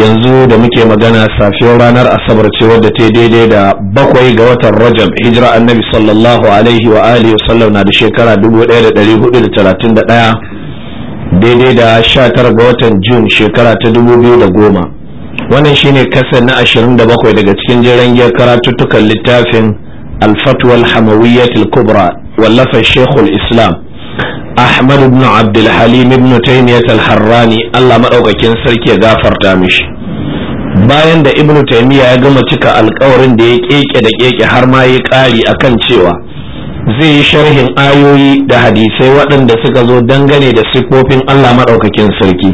yanzu da muke magana safiyar ranar asabar ce wadda ta daidai da bakwai ga watan rajab hijira annabi sallallahu alaihi wa alihi wasallam na da shekara 1431 daidai da 19 ga watan jun shekara ta 2010 wannan shine kasar na 27 daga cikin jiran karatuttukan littafin alfatwal hamawiyyatul kubra wallafa shekul islam ahmad بن abdulhalim ibn بن تيميه الحراني allah maɗaukakin sarki ya gafarta mishi bayan da ibnu taymiya ya gama cika alkawarin da ya keke da keke har ma ya kari akan cewa zai yi sharhin ayoyi da hadisai waɗanda suka zo dangane da siffofin allah maɗaukakin sarki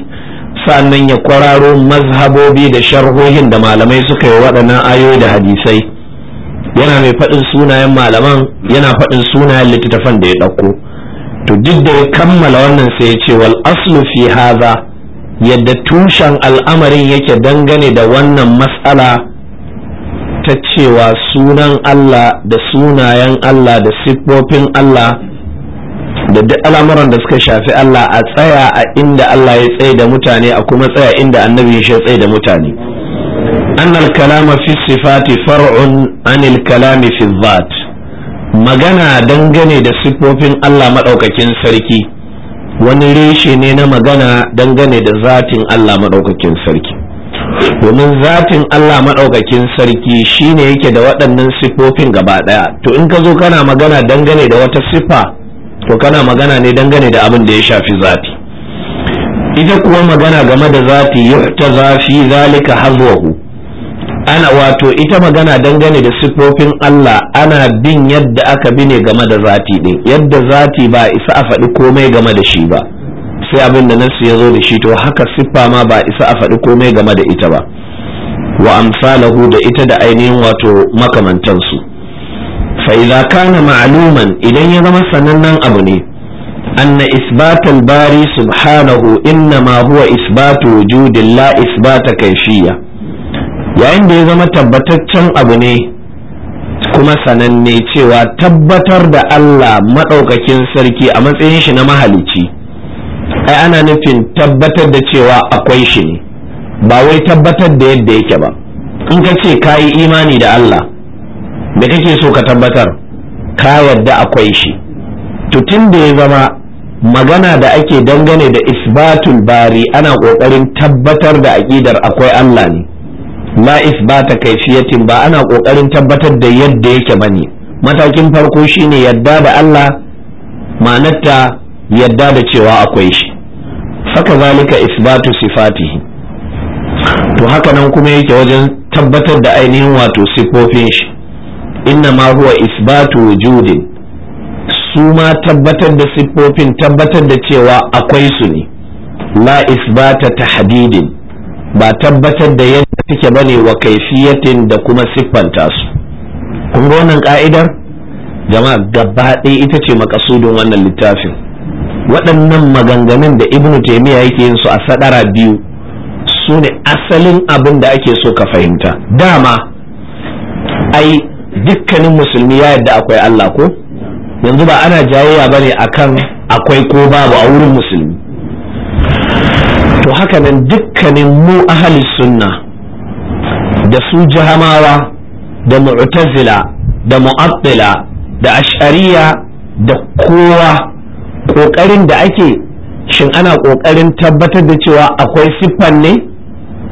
sannan ya kwararo mazhabobi da sharhohin da malamai suka yi waɗannan ayoyi da hadisai yana mai faɗin sunayen malaman yana faɗin sunayen littattafan da ya ɗauko to duk da ya kammala wannan sai ya ce wal aslu fi haza yadda tushen al'amarin yake dangane da wannan matsala ta cewa sunan Allah da sunayen Allah da siffofin Allah da duk al'amuran da suka shafi Allah a tsaya a inda Allah ya tsaye da mutane a kuma tsaya inda annabi ya tsaye da mutane annal kalama fi sifati far'un anil kalami fi dhat magana dangane da siffofin Allah maɗaukakin sarki wani reshe ne na magana dangane da zatin Allah maɗaukakin sarki domin zatin Allah maɗaukakin sarki shine yake da waɗannan siffofin gaba ɗaya to in ka zo kana magana dangane da wata siffa to kana magana ne dangane da abin da ya shafi zati ita kuwa magana game da zati yuhta zafi zalika hazwahu ana wato ita magana dangane da siffofin Allah ana bin yadda aka bi ne game da zati din yadda zati ba isa a faɗi komai game da shi ba sai abin da nasu ya zo da shi to haka siffa ma ba isa a faɗi komai game da ita ba wa amsalahu da ita da ainihin wato makamantansu fa idza kana ma'luman idan ya zama sanannen abu ne anna isbatal bari subhanahu inna ma huwa isbatu wujudillah isbata kayfiyya yayin da ya zama tabbataccen abu ne kuma sananne cewa tabbatar da Allah maɗaukakin sarki a matsayin shi na mahalici ai ana nufin tabbatar da cewa akwai shi ne ba wai tabbatar da yadda yake ba in ka ce ka yi imani da Allah da kake so ka tabbatar ka yadda akwai shi to tun da ya zama magana da ake dangane da isbatul bari ana ƙoƙarin tabbatar da aƙidar akwai Allah ne la isbata kaifiyatin ba ana kokarin tabbatar da yadda yake bane matakin farko shine yadda da Allah manarta yadda da cewa akwai shi faka zalika isbatu sifatihi to haka nan kuma yake wajen tabbatar da ainihin wato sifofin shi inna ma huwa isbatu wujudin su ma tabbatar da siffofin tabbatar da cewa akwai su ne la isbata tahdidin ba tabbatar da yadda take bane wa kaifiyatin da kuma siffanta su kun wannan ka'idar jama'a gaba ɗaya ita ce makasudin wannan littafin waɗannan maganganun da ibnu taimiyya yake yin su a sadara biyu su ne asalin abin da ake so ka fahimta dama ai dukkanin musulmi ya yadda akwai Allah ko yanzu ba ana jayayya bane akan akwai ko babu a wurin musulmi to haka nan dukkanin mu ahalis sunna da su jahamawa da mu'tazila da mu'attila da ash'ariya da kowa ƙoƙarin da ake shin ana ƙoƙarin tabbatar da cewa akwai siffan ne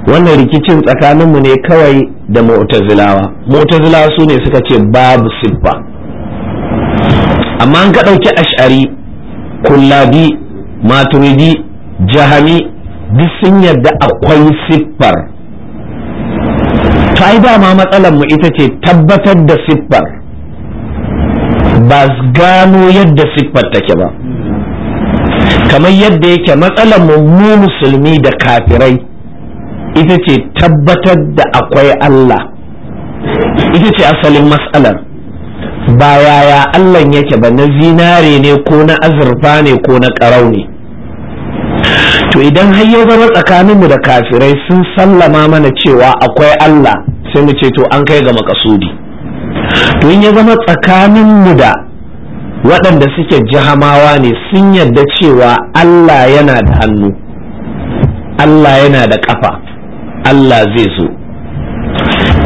wannan rikicin tsakaninmu ne kawai da mu'tazilawa mu'tazilawa su ne suka ce babu siffa amma an ka ɗauki ash'ari kullabi maturidi jahami duk sun yarda akwai siffar to ma ma matsalar mu ita ce tabbatar da siffar ba gano yadda siffar take ba kamar yadda yake matsalar mu mu musulmi da kafirai ita ce tabbatar da akwai Allah ita ce asalin matsalar ba yaya Allah yake ba na zinare ne ko na azurfa ne ko na ƙarau to idan har ya zama mu da kafirai sun sallama mana cewa akwai Allah sai mu ce to an kai ga makasudi to in ya zama tsakanin mu da waɗanda suke jihamawa ne sun yarda cewa Allah yana da hannu Allah yana da ƙafa Allah zai zo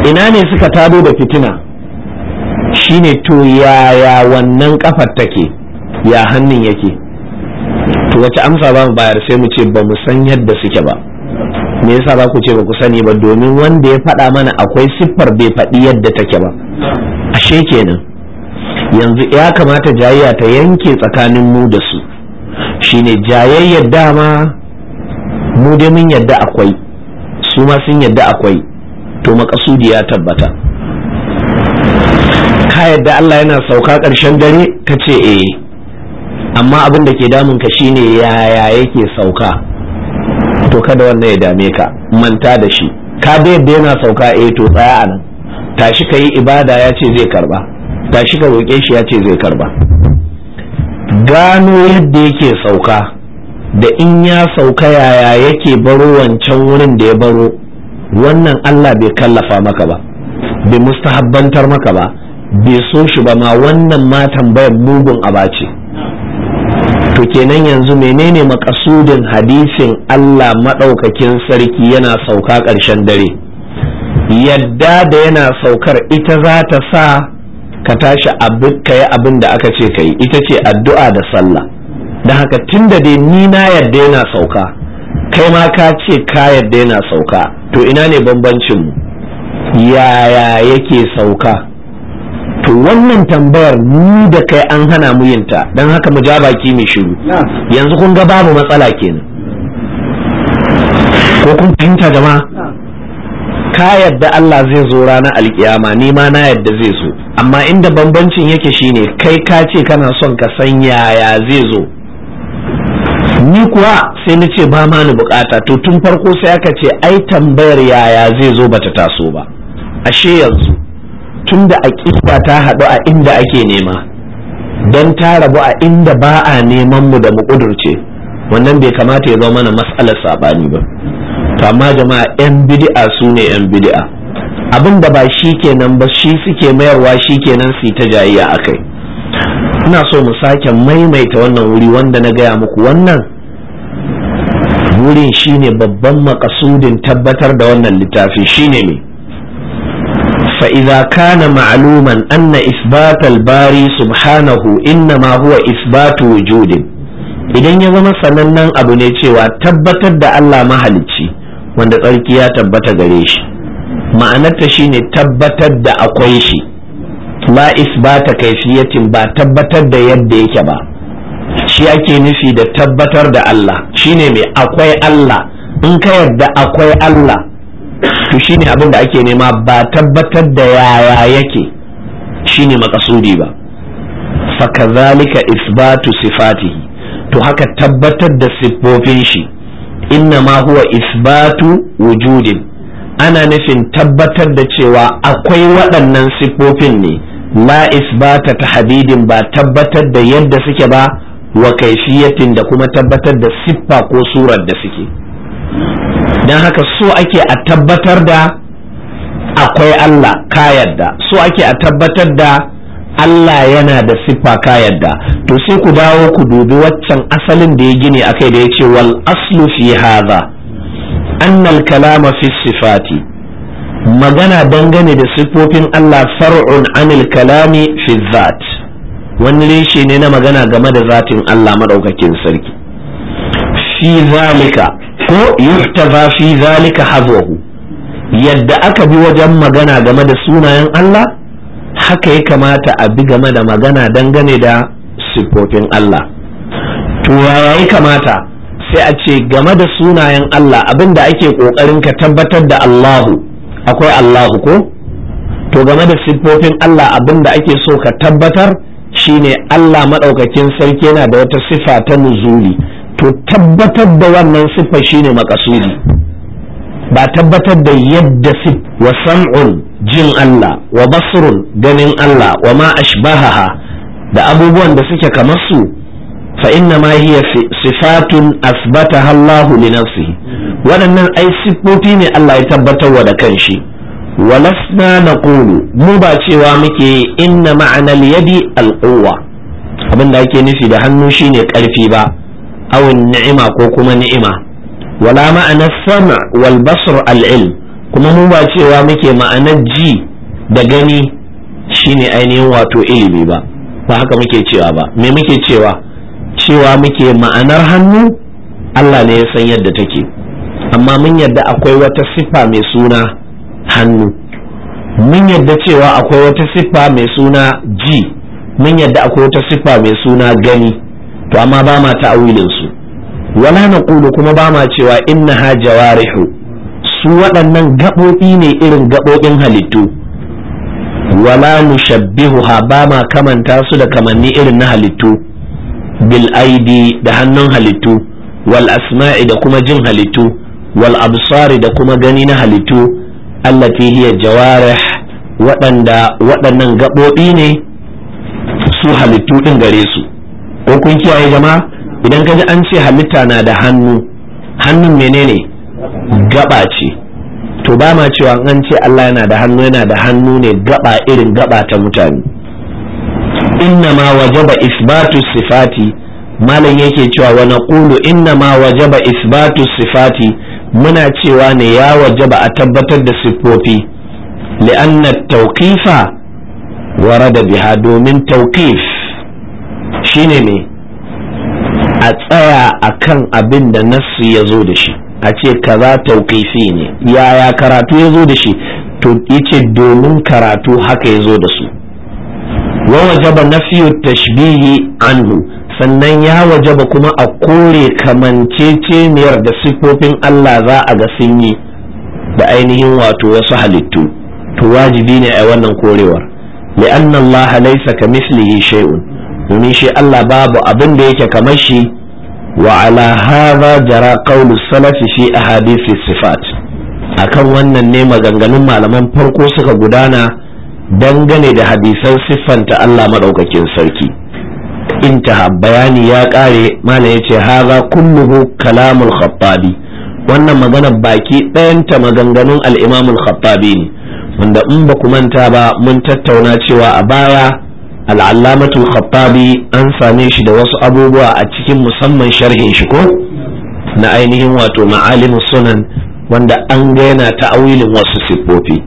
ina ne suka tado da fitina shine to yaya wannan ƙafar take ya hannun yake to wace amsa ba mu bayar sai mu ce ba mu san yadda suke ba me yasa ba ku ce ba ku sani ba domin wanda ya faɗa mana akwai siffar bai faɗi yadda take ba ashe kenan yanzu ya kamata jayayya ta yanke tsakanin mu da su shine jayayyar dama mu dai mun yadda akwai su ma sun yadda akwai to makasudi ya tabbata ka yadda Allah yana sauka ƙarshen dare ta ce eh amma abin da ke damun ka shine yaya yake sauka to kada wannan ya dame ka manta da shi ka da yadda yana sauka e to tsaya a nan tashi ka yi ibada ya ce zai karba tashi ka roƙe shi ya ce zai karba gano yadda yake sauka da in ya sauka yaya yake baro wancan wurin da ya baro wannan Allah bai kallafa maka ba bai mustahabbantar maka ba bai so shi ba ma wannan ma tambayar mugun abaci. To kenan yanzu menene makasudin hadisin Allah maɗaukakin sarki yana sauka ƙarshen dare yadda da yana saukar ita za ta sa ka tashi ka yi abin da aka ce ka yi ita ce addu'a da sallah da haka tun da dai ni na yadda yana sauka kai ma ka ce ka yadda yana sauka to ina ne bambancin yaya yake sauka to wannan tambayar ni da kai an hana mu yin ta don haka mu ja baki mai shiru yanzu kun ga babu matsala kenan ko kun fahimta jama ka yadda Allah zai zo ranar alkiyama ni ma na yadda zai zo amma inda bambancin yake shine kai ka ce kana son ka san yaya zai zo ni kuwa sai na ce ba ma ni bukata to tun farko sai aka ce ai tambayar yaya zai zo bata taso ba ashe yanzu Tunda da aƙida ta haɗu a inda ake nema don ta rabu a inda ba a neman mu da mu ƙudurce wannan bai kamata ya zo mana matsalar saɓani ba amma jama'a 'yan bidi'a su ne 'yan bid'a abin da ba shi kenan ba shi suke mayarwa shi kenan su ta jayayya a kai ina so mu sake maimaita wannan wuri wanda na gaya muku wannan wurin shine babban makasudin tabbatar da wannan littafi shine mai فإذا كان معلوما أن إثبات Bari subhanahu إنما هو isbatu wujudin? idan ya zama sanannen abu ne cewa tabbatar da Allah mahalicci wanda tsarki ya tabbata gare shi ma'anarta shine tabbatar da akwai shi la isbata kaifiyatin ba tabbatar da yadda yake ba shi ake nufi da tabbatar da Allah shine mai akwai Allah in ka yadda akwai Allah to shine abin da ake nema ba tabbatar da yaya yake shine makasudi ba fakazalika isbatu sifatihi to haka tabbatar da siffofin shi inna ma huwa isbatu wujudin ana nufin tabbatar da cewa akwai waɗannan siffofin ne la isbata tahdidin ba tabbatar da yadda suke ba wa kaifiyatin da kuma tabbatar da siffa ko surar da suke don haka so ake a tabbatar da akwai Allah ka yadda so ake a tabbatar da Allah yana da siffa ka yadda to sai ku dawo ku dubi waccan asalin da ya gini akai da ya ce wal aslu fi hadha annal kalama fi sifati magana dangane da siffofin Allah far'un anil kalami fi zat wani reshe ne na magana game da zatin Allah madaukakin sarki fi zalika ko yuhtaza fi zalika hazuhu yadda aka bi wajen magana game da sunayen Allah haka ya kamata a bi game da magana dangane da siffofin Allah to ya kamata sai a ce game da sunayen Allah abinda ake kokarin ka tabbatar da Allahu akwai Allahu ko to game da siffofin Allah abinda ake so ka tabbatar shine Allah maɗaukakin sarki yana da wata sifa ta nuzuli to tabbatar da wannan siffar shine makasudi ba tabbatar da yadda sif wa sam'un jin Allah wa basrun ganin Allah wa ma ashbahaha da abubuwan da suke kamar su fa inna ma hiya sifatun asbataha Allah li nafsihi waɗannan ai siffofi ne Allah ya tabbatarwa da kanshi walasna naqulu mu ba cewa muke inna ma'anal yadi al-quwwa abin ake nufi da hannu shine karfi ba awin ni'ima ko kuma ni'ima wala ma'anar sama wal basar ilm kuma mu ba cewa muke ma'anar ji da gani shine ainihin wato ilimi ba ba haka muke cewa ba me muke cewa cewa muke ma'anar hannu Allah ne ya san yadda take amma mun yadda akwai wata siffa mai suna hannu mun yadda cewa akwai wata siffa mai suna ji mun yadda akwai wata siffa mai suna gani to amma ba ma ta'awilin wala Kulu kuma ba ma cewa ha jawarihu su waɗannan gaɓoɓi ne irin gaɓoɓin halittu wala nushabbihuha ba ma kamanta su da kamanni irin na halittu bil aidi da hannun halittu wal asma'i da kuma jin halittu wal absari da kuma gani na halittu allati hiya jawarih waɗanda waɗannan gaɓoɓi ne su halittu ɗin gare su ko kun kiyaye jama'a idan ka ji an ce halitta na da hannu hannun menene gaba ce to ba ma cewa an ce Allah yana da hannu yana da hannu ne gaba irin gaba ta mutane inna ma wajaba isbatu sifati malam yake cewa wa naqulu inna ma wajaba isbatu sifati muna cewa ne ya wajaba a tabbatar da siffofi li'anna tawqifa warada biha domin tawqif shine ne a tsaya a kan abin da nassu ya zo da shi a ce kaza tauƙifi ne yaya karatu ya zo da shi to yace domin karatu haka ya zo da su wa wajaba nafiyu tashbihi anhu sannan ya wajaba kuma a kore kamanceceniyar da siffofin Allah za a ga sun yi da ainihin wato wasu halittu to wajibi ne a wannan korewar li'anna Allah laysa kamithlihi shay'un domin shi Allah babu abin da yake kamar shi wa ala hadha jara qawlu salafi fi ahadithi sifat akan wannan ne maganganun malaman farko suka gudana dangane da hadisan siffanta Allah madaukakin sarki intaha bayani ya kare malam yace hadha kulluhu kalamul khattabi wannan magana baki ɗayanta maganganun al-imam khattabi ne wanda in ba ku manta ba mun tattauna cewa a baya al'allamatul khattabi an same shi da wasu abubuwa a cikin musamman sharhin shi ko na ainihin wato ma'alimin sunan wanda an ga yana ta'awilin wasu siffofi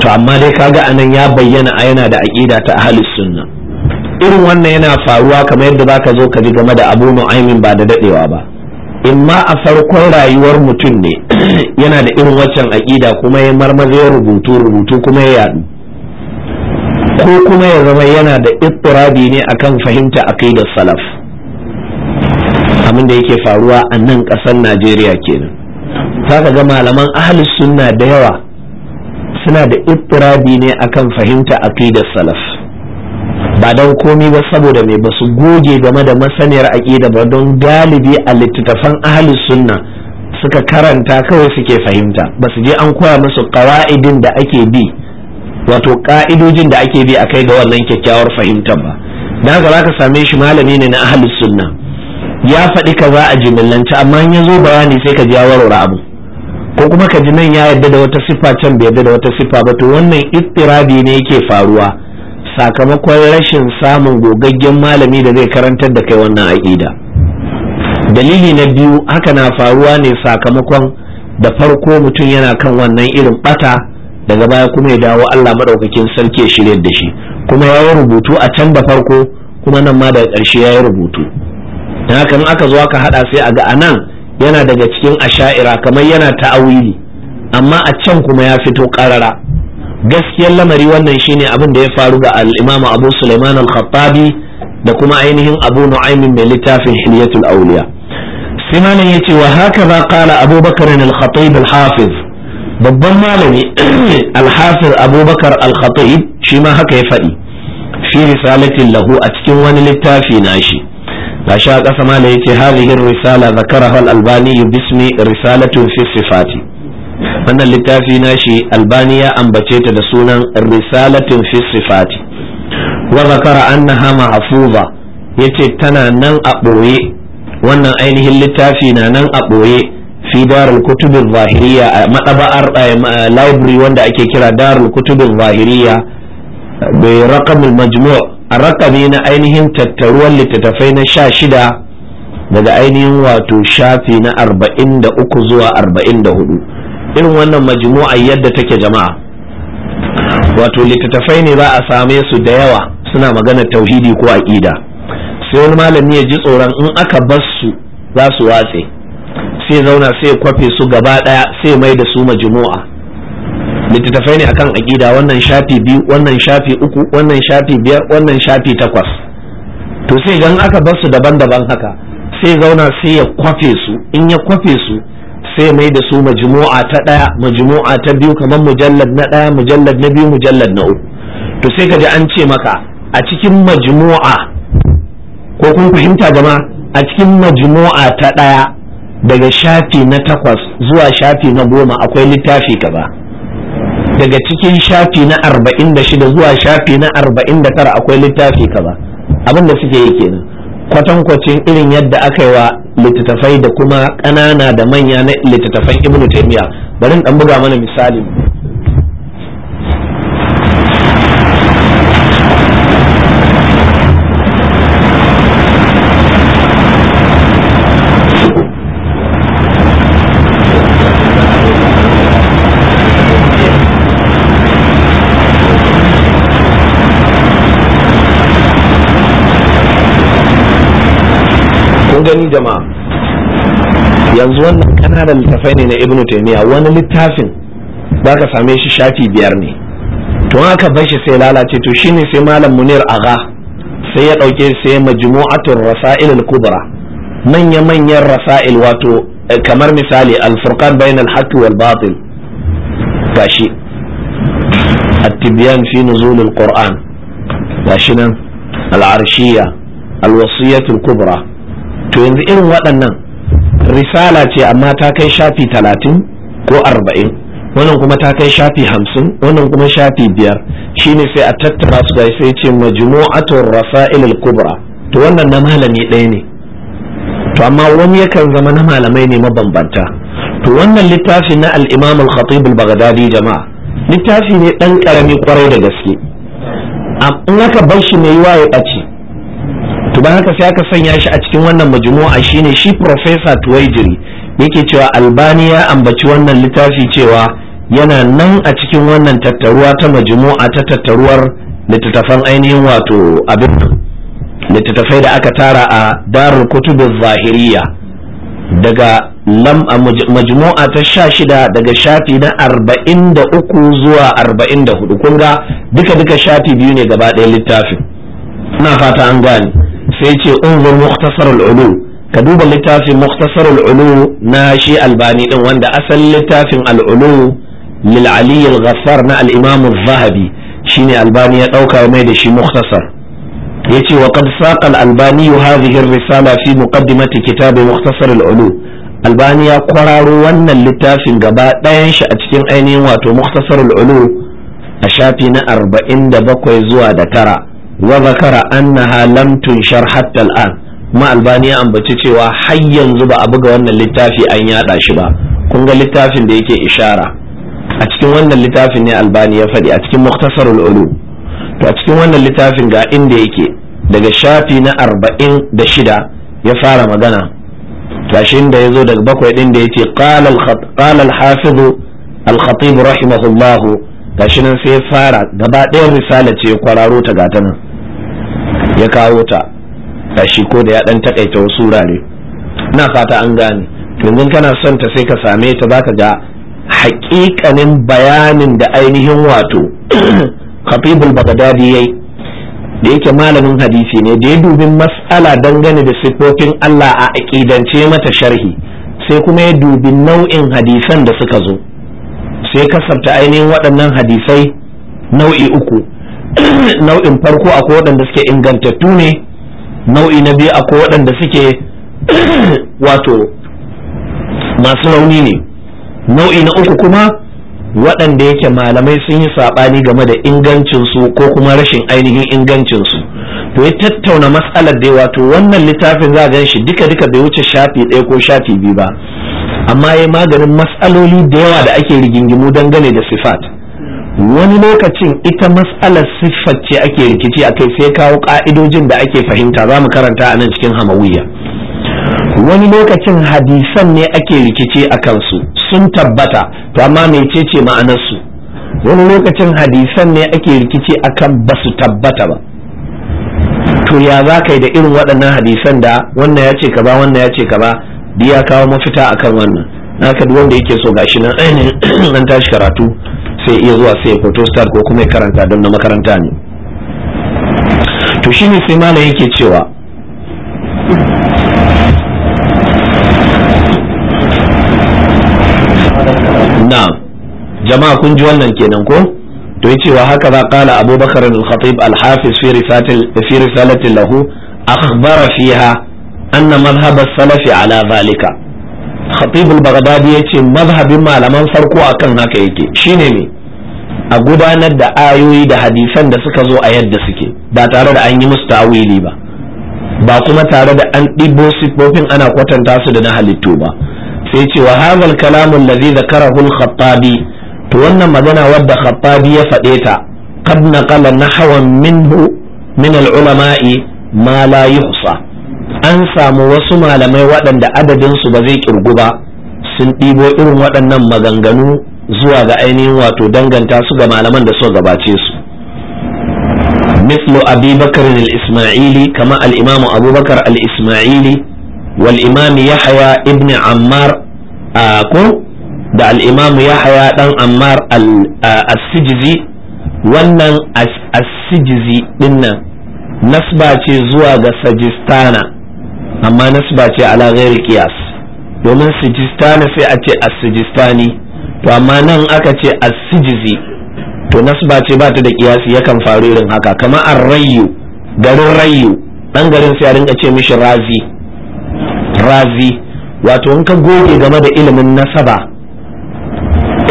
to amma dai kaga anan ya bayyana a yana da aqida ta ahlus sunna irin wannan yana faruwa kamar yadda ka zo ka ji game da Abu nu'aimin ba da daɗewa ba In ma a farkon rayuwar mutum ne yana da irin waccan aqida kuma ya marmaza ya rubutu rubutu kuma ya yadu ko kuma ya zama yana da ittirabi ne akan fahimta aqidar salaf abin da yake faruwa a nan ƙasar Najeriya kenan zaka ga malaman ahli sunna da yawa suna da ittirabi ne akan fahimta aqidar salaf ba don komi ba saboda mai su goge game da masaniyar aqida ba don galibi a littattafan ahli sunna suka karanta kawai suke fahimta ba su je an koya musu ƙawa'idin da ake bi wato ka'idojin da ake bi a kai ga wannan kyakkyawar fahimtar ba da haka za ka same shi malami ne na ahlus sunna ya faɗi ka za a jimillanci amma in ya zo bayani sai ka ji ya warware abu ko kuma ka ji nan ya yarda da wata siffa can bai yarda da wata siffa ba to wannan ittirabi ne yake faruwa sakamakon rashin samun gogaggen malami da zai karantar da kai wannan aƙida dalili na biyu haka na faruwa ne sakamakon da farko mutum yana kan wannan irin bata daga baya kuma ya dawo Allah madaukakin sarki ya shirya da shi kuma ya yi rubutu a can da farko kuma nan ma daga ƙarshe ya yi rubutu don haka in aka zo aka haɗa sai a ga anan yana daga cikin asha'ira kamar yana ta'awili amma a can kuma ya fito ƙarara gaskiyar lamari wannan shine abin da ya faru ga al-Imam Abu Sulaiman al-Khattabi da kuma ainihin Abu Nu'aym mai littafin Hilyatul Awliya sai ya ce wa haka ba qala Abu Bakr al-Khatib al-Hafiz babban malami alhafir abubakar al-khatib shi ma haka ya faɗi fi risalatin lahu a cikin wani littafi nashi shi a ƙasa malami yace hadhihi risala zakaraha al-albani bismi risalatun fi sifati wannan littafi nashi albani ya ambace ta da sunan risalatun fi sifati wa zakara annaha mahfuza yace tana nan a ɓoye wannan ainihin littafi na nan a ɓoye fi darul kutubin zahiriya a madaba'ar library wanda ake kira darul kutubin zahiriya bai rakamul majmu' a rakami na ainihin tattaruwan littattafai na sha shida daga ainihin wato shafi na arba'in zuwa arba'in da hudu irin wannan majmu'a yadda take jama'a wato littattafai ne za a same su da yawa suna magana tauhidi ko aƙida sai wani malami ya ji tsoron in aka bar su za su watse sai zauna sai kwafe su gaba daya sai mai da su majmu'a littattafai ne akan aƙida wannan shafi biyu wannan shafi uku wannan shafi biyar wannan shafi takwas to sai idan aka bar su daban-daban haka sai zauna sai ya kwafe su in ya kwafe su sai mai da su majmu'a ta daya majmu'a ta biyu kamar mujallad na daya mujallad na biyu mujallad na uku to sai kaje an ce maka a cikin majmu'a ko kun fahimta jama'a a cikin majmu'a ta daya daga shafi na takwas zuwa shafi na goma akwai littafi kaza daga cikin shafi na arba'in da shida zuwa shafi na arba'in da tara akwai littafi kaba. abin da suke yi kenan kwatankwacin irin yadda aka yi wa littattafai da kuma ƙanana da manya na littattafan ibnu taimiya bari in ɗan buga mana misali gani jama'a yanzu wannan kananan littafai ne na ibnu taymiya wani littafin ba ka same shi shafi biyar ne to haka bashi sai lalace to shine sai malam munir aga sai ya dauke sai majmu'atul rasail al-kubra manya manyan rasail wato eh, kamar misali al-furqan bain al-haqq wal batil gashi at-tibyan fi nuzul al-qur'an nan kubra to yanzu irin waɗannan risala ce amma ta kai shafi talatin ko arba'in wannan kuma ta kai shafi hamsin wannan kuma shafi biyar shine sai a tattara su gai sai ce majmu'atul rasa'il al-kubra to wannan na malami ɗaya ne to amma wani yakan zama na malamai ne mabambanta to wannan littafi na al-imam al-khatib al-baghdadi jama'a littafi ne dan karami kwarai da gaske in aka bar shi mai waye ɓace to ba haka sai aka sanya shi a cikin wannan majmu'a shine shi professor Tuwaijiri yake cewa Albani ya ambaci wannan littafi cewa yana nan a cikin wannan tattaruwa ta majmu'a ta tattaruwar littattafan ainihin wato abin littattafai da aka tara a darul kutubin zahiriya daga lam a majmu'a ta sha shida daga shafi na arba'in zuwa arba'in da kun duka duka shafi biyu ne gaba ɗaya littafin ina fata an gane sai ce unzur mukhtasarul ulu ka duba littafin mukhtasarul ulu na shi albani din wanda asalin littafin al'ulu lil ali al-ghaffar na al-imam zahabi shine albani ya dauka mai da shi mukhtasar yace wa qad saqa al-albani hadhihi ar-risala fi muqaddimati kitab mukhtasar al-ulu albani ya kwararo wannan littafin gaba ɗayan shi a cikin ainihin wato mukhtasar al-ulu a shafi na 47 zuwa da tara wa zakara annaha lam tunshar hatta al'an kuma albani ya ambaci cewa har yanzu ba a buga wannan littafi an yada shi ba kun ga littafin da yake ishara a cikin wannan littafin ne albani ya faɗi a cikin muktasarul ulu to a cikin wannan littafin ga inda yake daga shafi na arba'in da shida ya fara magana tashin da ya zo daga bakwai ɗin da ya ce ƙalal hafizu al rahimahullahu gashi nan sai fara gaba ɗayan risala ce kwararo ta gata ya kawo ta shi ko da ya dan takaita wasu wurare na fata an gane yanzu kana son ta sai ka same ta zaka ga hakikanin bayanin da ainihin wato habibul bagadadi yayi da yake malamin hadisi ne da ya dubi matsala dangane da siffofin Allah a aƙidance mata sharhi sai kuma ya dubi nau'in hadisan da suka zo sai kasabta ainihin waɗannan hadisai nau'i uku nau'in farko akwai waɗanda suke ingantattu ne nau'i na biyu akwai waɗanda suke wato masu rauni ne nau'i na uku kuma waɗanda yake malamai sun yi saɓani game da ingancinsu ko kuma rashin ainihin ingancinsu to ya tattauna matsalar da wato wannan littafin za a gan shi duka duka bai wuce shafi ɗaya ko shafi biyu ba amma ya maganin matsaloli da yawa da ake rigingimu dangane da sifat wani lokacin ita matsalar siffar ce ake rikici a kai sai kawo ka'idojin da ake fahimta za mu karanta a nan cikin hamawiyya wani lokacin hadisan ne ake rikici a kansu sun tabbata to amma mai ce ma'anarsu wani lokacin hadisan ne ake rikici a kan ba su tabbata ba to ya za ka yi da irin waɗannan hadisan da wannan ya ce ka ba wannan ya ce ka ba? biya kawo mafita a kan wannan Na duk wanda yake so gashi nan an tashi karatu sai iya zuwa sai photo ko kuma karanta don na makaranta ne to shi ne sai malam yake cewa na jama'a kun ji wannan kenan ko to yace wa haka za kala abubakar al-khatib al-hafiz fi risalati fi risalati lahu akhbara fiha anna madhhab as-salaf ala zalika khatib al-baghdadi yace mazhabin malaman farko akan haka yake shine ne a gudanar da ayoyi da hadisan da suka zo a yadda suke ba tare da an yi musu ta'awili ba ba kuma tare da an ɗibo siffofin ana kwatanta su da na halittu ba sai ce wa hazal kalamun ladhi zakarahu hul khattabi to wannan magana wadda khattabi ya faɗe ta kala na hawan minhu min al'ulama'i ma la yuhsa an samu wasu malamai waɗanda adadinsu ba zai ƙirgu ba sun ɗibo irin waɗannan maganganu zuwa ga ainihin wato danganta su ga malaman da suka gabace su mislu abubakar bakar al-isma'ili kama al-imamu abubakar al-isma'ili wal imam yahya ibn ammar ko da al-imam yahya dan ammar al-sijizi wannan as-sijizi dinnan nasba ce zuwa ga sajistana amma nasba ce ala ghairi qiyas domin sijistana sai a ce as-sijistani to amma nan aka ce asijizi to nasba ce ba ta da kiyasi yakan faru irin haka kamar arrayu garin rayu dan garin sai a rinka ce mishi razi razi wato in ka goge game da ilimin nasaba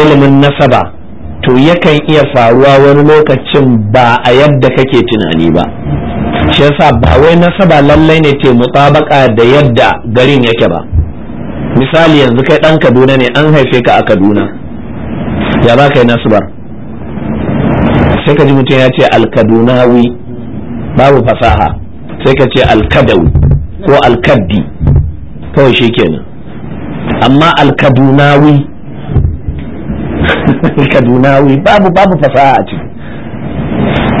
ilimin nasaba to yakan iya faruwa wani lokacin ba a yadda kake tunani ba shi yasa ba wai nasaba lallai ne ke mutabaka da yadda garin yake ba misali yanzu kai ɗan kaduna ne an haife ka a kaduna ya ba ka yi ba sai ka ji mutum ya ce alkadunawi babu fasaha sai ka ce alkadawi ko alkaddi kawai shi kenan amma alkadunawi alkadunawi babu babu fasaha a ciki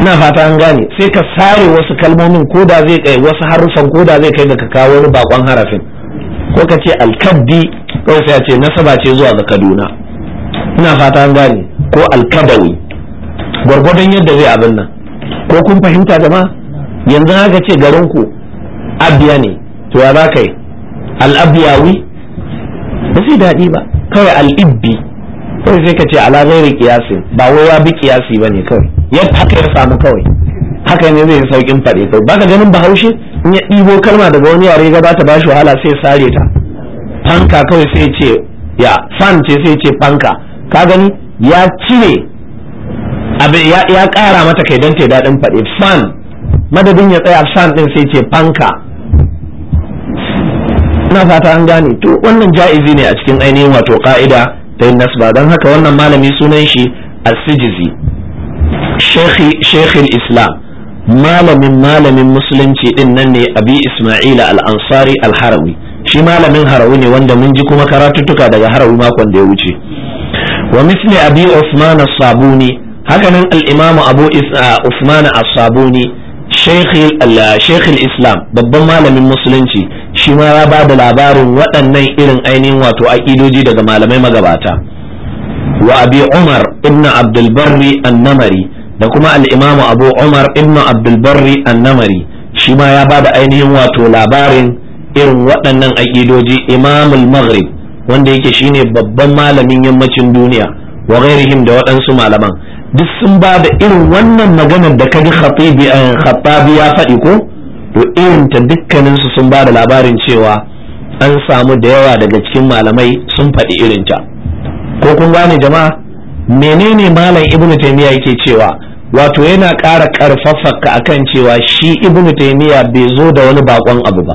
ina fata an gane sai ka sare wasu kalmomin ko da zai kai wasu haruffan ko da zai kai ga ka kawo wani bakon harafin ko ka ce alkaddi kawai sai ya ce nasaba ce zuwa ga kaduna ina fata an gane ko alkadawi gwargwadon yadda zai abin nan ko kun fahimta jama'a yanzu haka ce garin ku abiya ne to ya za yi al'abiyawi ba zai daɗi ba kawai al'ibbi kawai sai ka ce ala gairi kiyasi ba wai ya bi kiyasi ba ne kawai yadda haka ya samu kawai haka ne zai saukin faɗe kawai ba ganin bahaushe in ya ɗibo kalma daga wani yare ga za ta ba shi wahala sai sare ta fanka kawai sai ce ya fan ce sai ce fanka ka gani ya cire abin ya ƙara mata kai don ta daɗin faɗi fan madadin ya tsaya fan ɗin sai ce fanka ina fata an gane to wannan ja'izi ne a cikin ainihin wato ka'ida ta yin nasba don haka wannan malami sunan shi asijizi shekhi islam malamin malamin musulunci din nan ne abi isma'ila al-ansari al-harawi shi malamin harawi ne wanda mun ji kuma karatuttuka daga harawi makon da ya wuce wa misli abi usman as-sabuni hakanan al-imam abu ah, usman as-sabuni shaykh ah, al-islam babban malamin musulunci shi ma ya bada labarin waɗannan irin ainihin wato aƙidoji daga malamai magabata wa abi umar ibn abdul barri an-namari da kuma al abu umar ibn abdulbarri annamari shi ma ya bada ainihin wato labarin irin waɗannan aƙidoji imamul maghrib wanda yake shine babban malamin yammacin duniya wa ghairihim da waɗansu malaman duk sun ba da irin wannan maganar da kaji eh, khattabi ya faɗi ko to irin ta dukkaninsu sun ba da labarin cewa an samu da yawa daga cikin malamai sun faɗi irin ta ko kun gane jama'a menene malam ibnu taymiya yake cewa wato yana ƙara ka akan cewa shi ibnu taymiya bai zo da wani bakon abu ba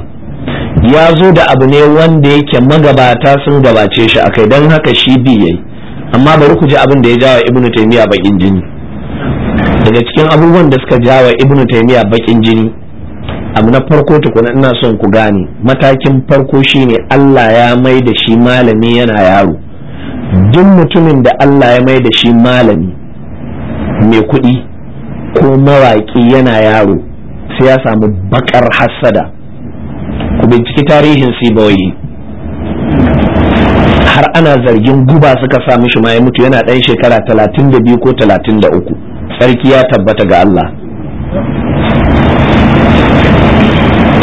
ya zo da abu ne wanda yake magabata sun gabace shi akai don haka shi bi yayi amma bari ku ji abin da ya jawa ibnu taymiya bakin jini daga cikin abubuwan da suka jawa ibnu taymiya bakin jini abu na farko tukuna ina son ku gane matakin farko shine Allah ya mai da shi malami yana yaro duk mutumin da Allah ya mai da shi malami mai kuɗi ko mawaƙi yana yaro sai ya samu bakar hassada ku binciki tarihin siboyi har ana zargin guba suka sa mishi ma ya mutu yana ɗan shekara 32 ko 33 sarki ya tabbata ga Allah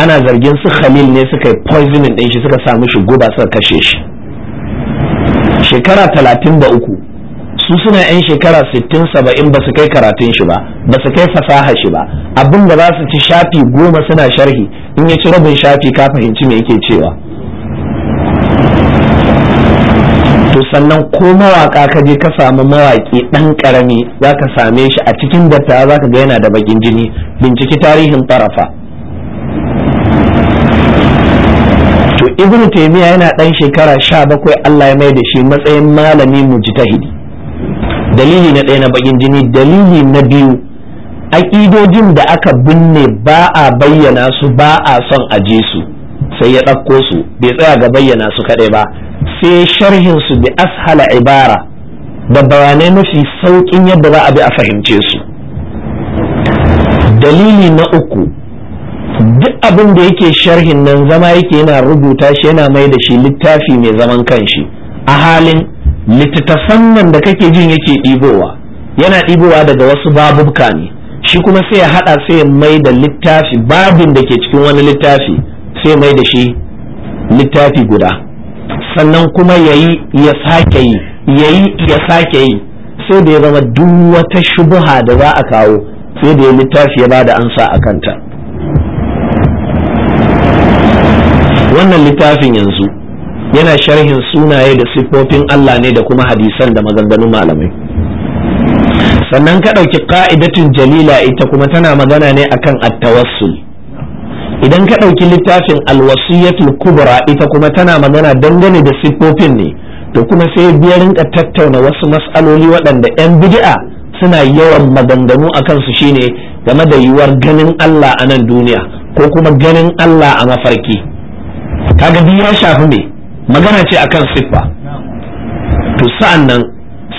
ana zargin su khalil ne suka yi poisoning ɗin shi suka sa mishi guba suka kashe shi shekara talatin da uku su suna 'yan shekara sittin saba'in ba su kai karatun shi ba ba su kai fasaha shi ba abin da za su ci shafi goma suna sharhi in ya ci rabin shafi ka fahimci me yake cewa to sannan ko mawaka ka je ka samu mawaki dan karami za ka same shi a cikin dattawa za ka ga yana da bakin jini binciki tarihin tarafa ibnu taymiya yana ɗan shekara sha bakwai Allah ya mai da shi matsayin malami mujtahidi dalili na ɗaya na bakin jini dalili na biyu aƙidojin da aka binne ba a bayyana su ba a son a aje su sai ya ɗauko su bai tsaya ga bayyana su kaɗai ba sai sharhin su bi ashala ibara da bayanai mafi sauƙin yadda za a bi a fahimce su dalili na uku duk abin da yake sharhin nan zama yake yana rubuta shi yana mai da shi littafi mai zaman kanshi a halin littattafan nan da kake jin yake ɗibowa yana ɗibowa daga wasu babubka ne shi kuma sai ya haɗa sai ya mai da littafi babin da ke cikin wani littafi sai mai da shi littafi guda sannan kuma yayi ya sake yi yayi ya sake yi sai da ya zama duk wata shubuha da za a kawo sai da ya littafi ya ba da ansa a kanta wannan littafin yanzu yana sharhin sunaye da siffofin Allah ne da kuma hadisan da maganganun malamai sannan ka ɗauki ka'idatun jalila ita kuma tana magana ne akan attawassul idan ka ɗauki littafin alwasiyatul kubra ita kuma tana magana dangane da siffofin ne to kuma sai biya rinka tattauna wasu mas'aloli waɗanda 'yan bid'a suna yawan maganganu a kansu shine game da yiwuwar ganin Allah a nan duniya ko kuma ganin Allah a mafarki kaga biyu ya shafi me magana ce akan siffa to sa'an nan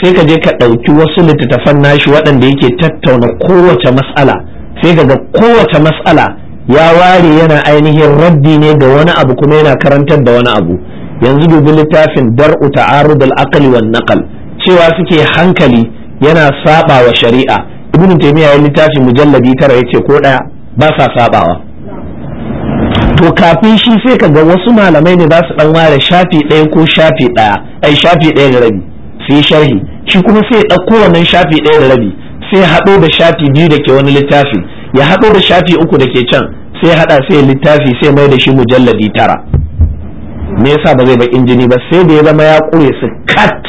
sai ka je ka ɗauki wasu littattafan nashi waɗanda yake tattauna kowace mas'ala sai ka ga kowace matsala ya ware yana ainihin raddi ne ga wani abu kuma yana karantar da wani abu yanzu dubi littafin dar uta al akali wa naqal cewa suke hankali yana saba shari'a ibnu taymiya ya littafin mujalladi tara yace ko daya ba sa sabawa to kafin shi sai ka ga wasu malamai ne za su dan ware shafi ɗaya ko shafi ɗaya ai shafi ɗaya da rabi suyi sharhi shi kuma sai ya ɗauko wannan shafi ɗaya da rabi sai haɗo da shafi biyu da ke wani littafi ya haɗo da shafi uku da ke can sai haɗa sai littafi sai mai da shi mujalladi tara me yasa ba zai ba injini ba sai da ya zama ya ƙure su kat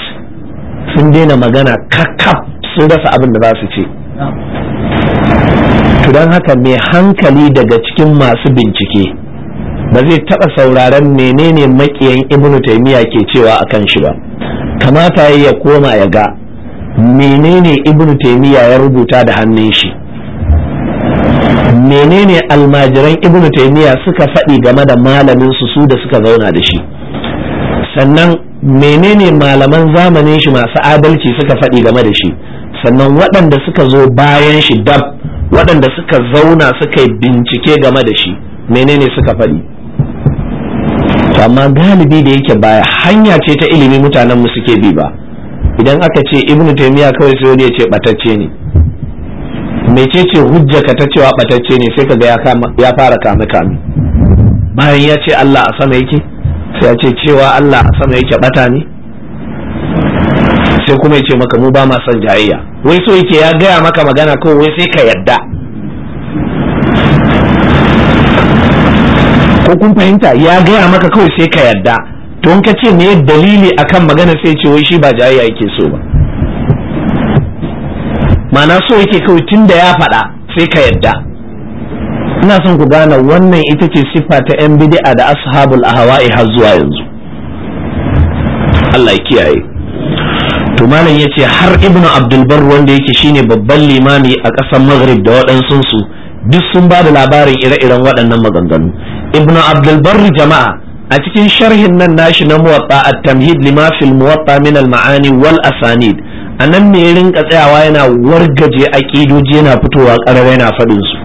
sun daina magana kakaf sun rasa abin da za su ce to don haka mai hankali daga cikin masu bincike ba zai taɓa sauraron menene makiyan ibnu taymiya ke cewa akan shi ba kamata ya koma ya ga menene ibnu taymiya ya rubuta da hannun shi menene almajiran ibnu taymiya suka faɗi game da malamin su su da suka zauna da shi sannan menene malaman zamanin shi masu adalci suka faɗi game da shi sannan waɗanda suka zo bayan shi dab waɗanda suka zauna suka bincike game da shi menene suka faɗi amma galibi da yake baya hanya ce ta ilimi mutanen mu suke bi ba idan aka ce Ibn taymiya kawai sai wani ya ce batacce ne hujja ka ta cewa batacce ne sai kaga ya fara kame kame bayan ya ce Allah a sama yake sai ya ce cewa Allah a sama yake bata ne sai kuma ya ce maka mu ba ma son jayayya wai so yake ya gaya maka magana ko wai sai ka yadda ko kun fahimta ya gaya maka kawai sai ka yarda to in ka ce me dalili akan magana sai ce wai shi ba jayayya yake so ba ma'ana so yake kawai tun da ya faɗa sai ka yarda ina son ku gane wannan ita ce siffa ta yan bid'a da ashabul ahwa'i har zuwa yanzu Allah ya kiyaye to malam yace har ibnu abdul bar wanda yake shine babban limami a ƙasar maghrib da waɗansunsu duk sun ba da labarin ire-iren waɗannan maganganu ibnu abdulbarri jama'a a cikin sharhin nan nashi na muwatta a tamhid lima fil muwatta min al ma'ani wal asanid a nan ne rinka tsayawa yana wargaje aqidoji yana fitowa ƙarara yana faɗin su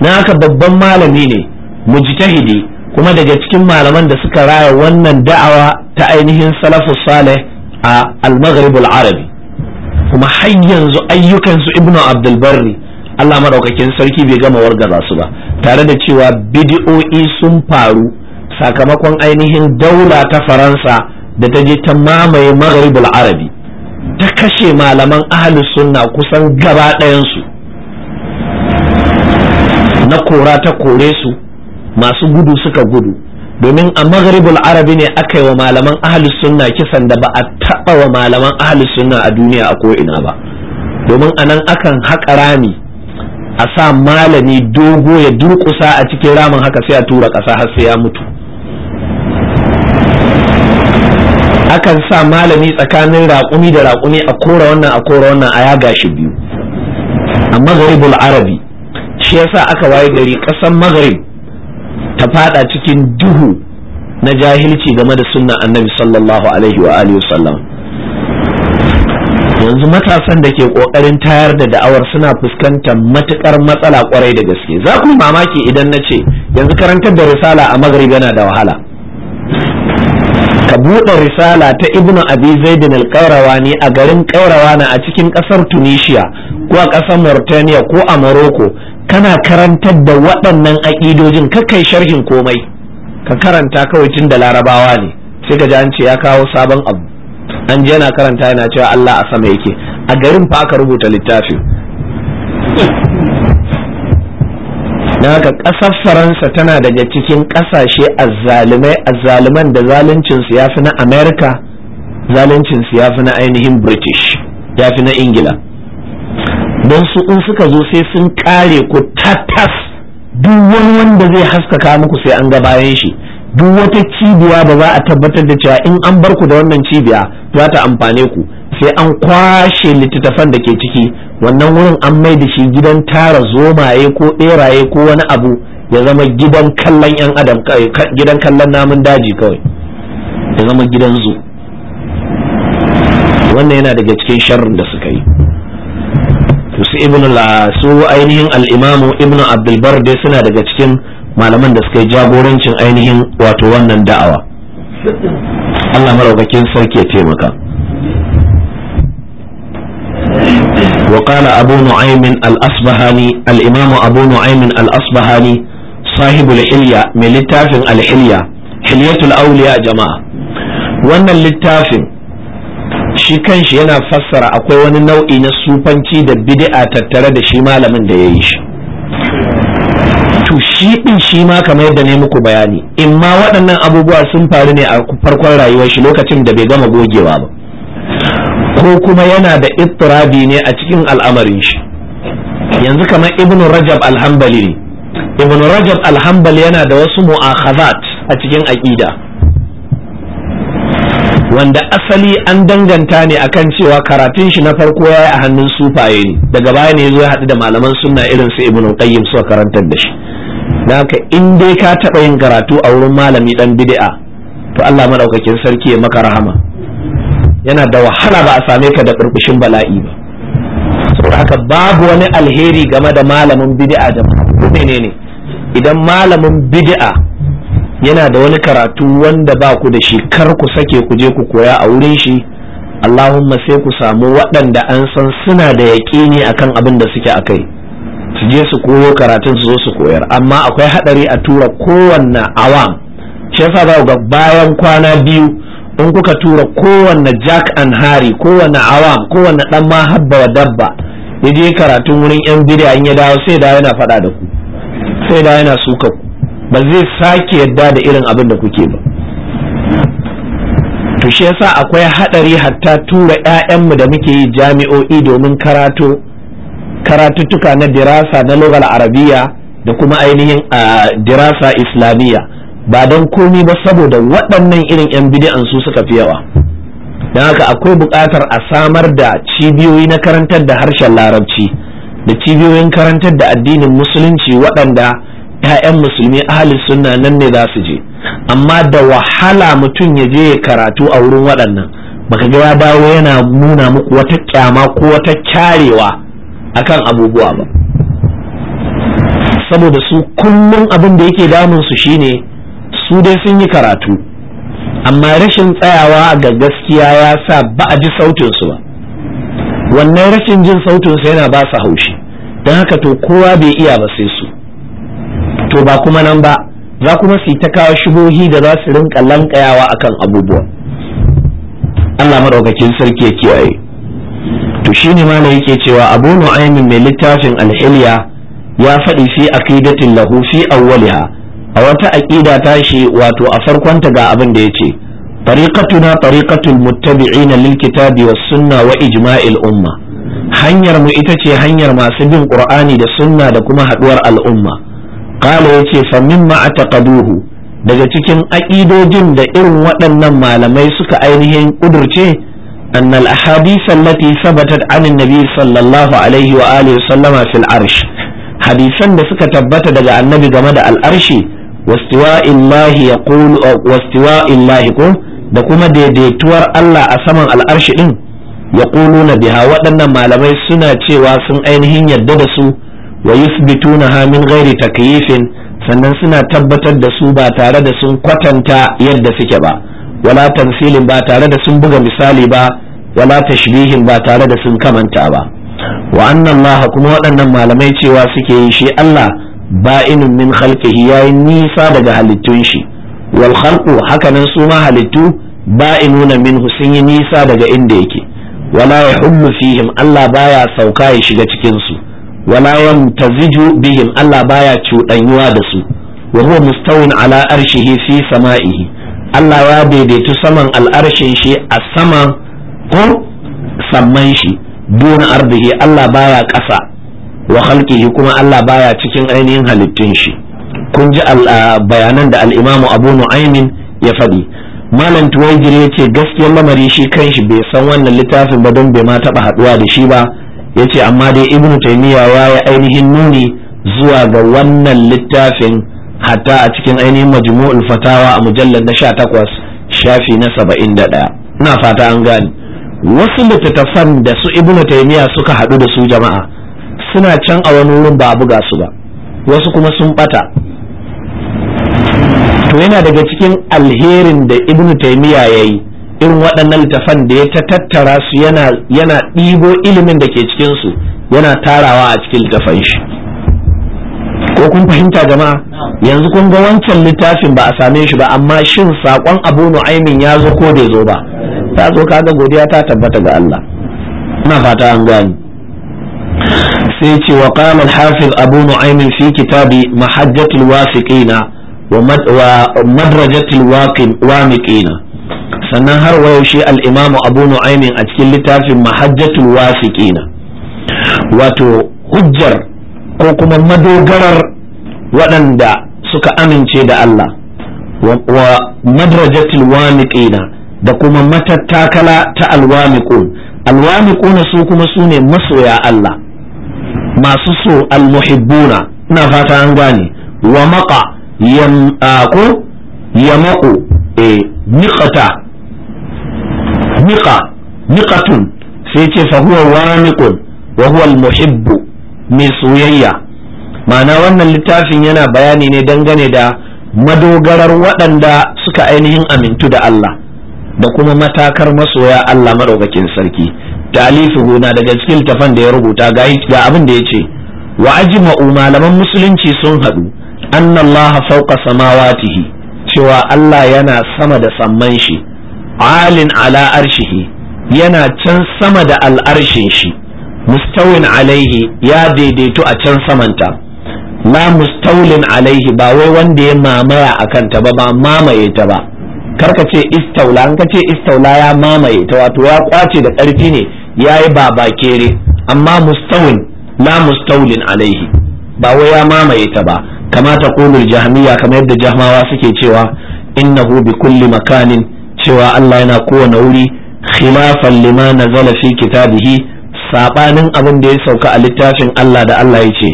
na haka babban malami ne mujtahidi kuma daga cikin malaman da suka raya wannan da'awa ta ainihin salafus salih a al-maghrib al-arabi kuma har yanzu ayyukan su ibnu abdulbarri Allah maɗaukakin sarki bai gama wargaza su ba tare da cewa bidi'o'i sun faru sakamakon ainihin daula ta faransa da ta je ta mamaye magharibul arabi ta kashe malaman ahalus sunna kusan gaba ɗayansu na kora ta kore su masu gudu suka gudu domin a magharibul arabi ne aka yi wa malaman ahalus sunna kisan da ba a taɓa wa malaman ahalus sunna a duniya a ko'ina ba domin a nan akan haƙa rami a sa malami dogo ya durƙusa a cikin ramin haka sai a tura ƙasa har sai ya mutu akan sa malami tsakanin raƙumi da raƙumi a kora wannan a kora wannan a ya gashi biyu a magharibul arabi shi yasa aka waye gari ƙasar magharib ta fada cikin duhu na jahilci game da sunna annabi sallallahu alaihi wa alihi wasallam yanzu matasan da ke kokarin tayar da da'awar suna fuskantar matukar matsala kwarai da gaske za ku mamaki idan na ce yanzu karantar da risala a Magariba yana da wahala ka buɗe risala ta ibnu abi zaidin al ne a garin na a cikin ƙasar tunisia ko a ƙasar mauritania ko a morocco kana karantar da waɗannan aƙidojin kakai sharhin komai ka karanta kawai tun da larabawa ne sai ka ji ya kawo sabon abu an je yana karanta yana cewa Allah a sama yake a garin fa aka rubuta littafin na haka ƙasar faransa tana daga cikin ƙasashe azzalumai azzaluman da zaluncinsu ya fi na america zaluncinsu ya fi na ainihin british ya na ingila don su in suka zo sai sun kare ku tatas duk wani wanda zai haskaka muku sai an ga bayan shi duk wata cibiya da za a tabbatar da cewa in an bar ku da wannan cibiya za ta amfane ku sai an kwashe littattafan da ke ciki wannan wurin an mai da shi gidan tara zomaye ko beraye ko wani abu ya zama gidan kallon yan adam gidan kallon namun daji kawai ya zama gidan zo wannan yana daga cikin sharrin da suka yi su ibn la su ainihin al-imamu ibn abdul dai suna daga cikin malaman da suka yi jagorancin ainihin wato wannan da'awa Allah maraukakin sarki ya taimaka وقال أبو نعيم الأصبهاني الإمام أبو نعيم الأصبهاني صاحب الحلية من لتاف الحلية حلية الأولياء جماعة وأن littafin shi kanshi yana fassara akwai wani nau'i na sufanci da bid'a tattare da shi malamin da ya yi shi to shi din shi ma kamar yadda ne muku bayani in ma waɗannan abubuwa sun faru ne a farkon rayuwar shi lokacin da bai gama gogewa ba ko kuma yana da ittirabi ne a cikin al'amarin shi yanzu kamar ibn rajab alhambali ne ibn rajab alhambali yana da wasu mu'akhazat a cikin aƙida wanda asali an danganta ne akan cewa karatun shi na farko ya yi a hannun sufaye ne daga baya ne ya zo ya haɗu da malaman sunna irin su ibnu qayyim suka karantar da shi Na haka in dai ka taɓa yin karatu a wurin malami dan bid'a to Allah madaukakin sarki ya maka rahama yana da wahala ba a same ka da burbushin bala'i ba saboda haka babu wani alheri game da malamin bid'a da menene idan malamin bid'a yana da wani karatu wanda ba ku da shi kar ku sake ku je ku koya a wurin shi Allahumma sai ku samu waɗanda an san suna da yaƙini akan abin da suke akai su je su koyo karatun su zo su koyar amma akwai haɗari a tura kowanne awam shi yasa za ga bayan kwana biyu in kuka tura kowanne jack and harry kowanne awam kowanne ɗan ma wa dabba ya je karatun wurin yan bidiya in ya dawo sai da yana faɗa da ku sai da yana suka ku ba zai sake yadda da irin abin da kuke ba to shi yasa akwai hadari hatta tura 'ya'yanmu da muke yi jami'o'i domin karatu karatuttuka na dirasa na lugal arabiya da kuma ainihin a dirasa islamiyya ba don komi ba saboda waɗannan irin 'yan bidi'an su suka fi yawa don haka akwai buƙatar a samar da cibiyoyi na karantar da harshen larabci da cibiyoyin karantar da addinin musulunci waɗanda ‘ya'yan musulmi ahalin sunna nan ne za su je amma da wahala mutum ya je ya karatu a wurin waɗannan baka ga ya dawo yana nuna muku wata kyama ko wata kyarewa akan abubuwa ba saboda su kullum abin da yake damunsu shine su dai sun yi karatu amma rashin tsayawa ga gaskiya ya sa ba a ji sautinsu ba wannan rashin jin sautinsu yana ba su haushi don haka to kowa bai iya ba sai su to ba kuma nan ba za kuma su ta kawo shubohi da za su rinka lankayawa akan abubuwa Allah maɗaukakin sarki ya kiyaye to shi ne mana yake cewa Abu Nu'aym mai littafin alhiliya ya faɗi fi aqidatin lahu fi awwaliha a wata aqida tashi wato a farkonta ga abin da yace طريقتنا طريقة المتبعين sunna wa ijma'il umma hanyar mu ita ce hanyar masu bin qur'ani da sunna da kuma haɗuwar al'umma kala yace fa mimma ataqaduhu daga cikin aƙidojin da irin waɗannan malamai suka ainihin ƙudurce أن الأحاديث Lati ثبتت عن النبي صلى الله عليه وآله وسلم في العرش حديثا da suka tabbata daga annabi game da al'arshi wastiwa'illahi ya wastiwa'illahi ko da kuma daidaituwar Allah a saman al'arshi din ya na biha waɗannan malamai suna cewa sun ainihin yadda da su wa yuthbitunaha min ghairi takyifin sannan suna tabbatar da su ba tare da sun kwatanta yadda suke ba wala tamsilin ba tare da sun buga misali ba wala tashbihin ba tare da sun kamanta ba wa annan laha kuma waɗannan malamai cewa suke yi shi Allah ba'inun min khalqihi yayi nisa daga halittun shi wal khalqu hakanan su ma halittu ba'inuna minhu sun yi nisa daga inda yake wala yahullu fihim Allah baya sauka ya shiga cikin su wala yamtaziju bihim Allah baya cuɗanyuwa da su wa huwa mustawin ala arshihi fi sama'ihi Allah ya daidaitu saman al'arshin shi a saman ko samman shi duna ardihi Allah baya ƙasa wa khalqihi kuma Allah baya cikin ainihin halittun shi kun ji bayanan da al-Imam Abu nu'aimin ya faɗi malam tuwaijiri ya ce gaskiyar lamari shi kanshi bai san wannan littafin ba don bai ma taɓa haɗuwa da shi ba Ya ce amma dai ibnu taymiya yayi ainihin nuni zuwa ga wannan littafin hatta a cikin ainihin majmu'ul fatawa a mujallar na 18 shafi na 71 ina fata an gane wasu littattafan da su ibnu taymiya suka hadu da su jama'a suna can a wani wurin ba buga su ba wasu kuma sun bata to yana daga cikin alherin da ibnu taymiya yayi irin waɗannan littafan da ya ta tattara su yana yana ɗibo ilimin da ke cikin su yana tarawa a cikin littafan shi ko kun fahimta jama'a yanzu kun ga wancan littafin ba a same shi ba amma shin sakon abu nu'aimin ya zo ko bai zo ba ta zo ka ga godiya ta tabbata ga Allah ina fata an gani sai ce wa qala al-hafiz abu nu'aimin fi kitabi mahajjatul wasiqina wa madrajatul wamiqina sannan har wayo shi al-imamu abu nu'aymin a cikin littafin mahajjatul wasiqina wato hujjar ko kuma madogarar waɗanda suka amince da Allah wa madrajatul wamiqina da kuma matattakala ta alwamiqun alwamiquna su kuma sune masoya Allah masu so almuhibbuna ina fata an gane wa maqa yamaku. eh niqata niqa niqatun sai ce fa huwa waniqun wa huwa muhibbu mai soyayya ma'ana wannan littafin yana bayani ne dangane da madogarar waɗanda suka ainihin amintu da Allah da kuma matakar masoya Allah maɗaukakin sarki talifu gona daga cikin tafan da ya rubuta ga abin da ya ce wa ajma'u malaman musulunci sun haɗu anna Allah fawqa samawatihi cewa Allah yana sama da samman shi alin ala arshihi yana can sama da al'arshin shi mustawin alaihi ya daidaitu a can samanta la mustawlin alaihi ba wai wanda ya mamaya a kanta ba ba mamaye ta ba karka ce istaula an kace ce istaula ya mamaye ta wato ya kwace da ƙarfi ne ya yi kere amma mustawin la mustawlin alaihi ba wai ya mamaye ta ba kamata ta kulul jahmiya kamar yadda jahamawa suke cewa innahu hubi kulli makanin cewa Allah yana kowane wuri khilafan lima zalafi fi kitabihi saɓanin abin da ya sauka a littafin Allah da Allah ya ce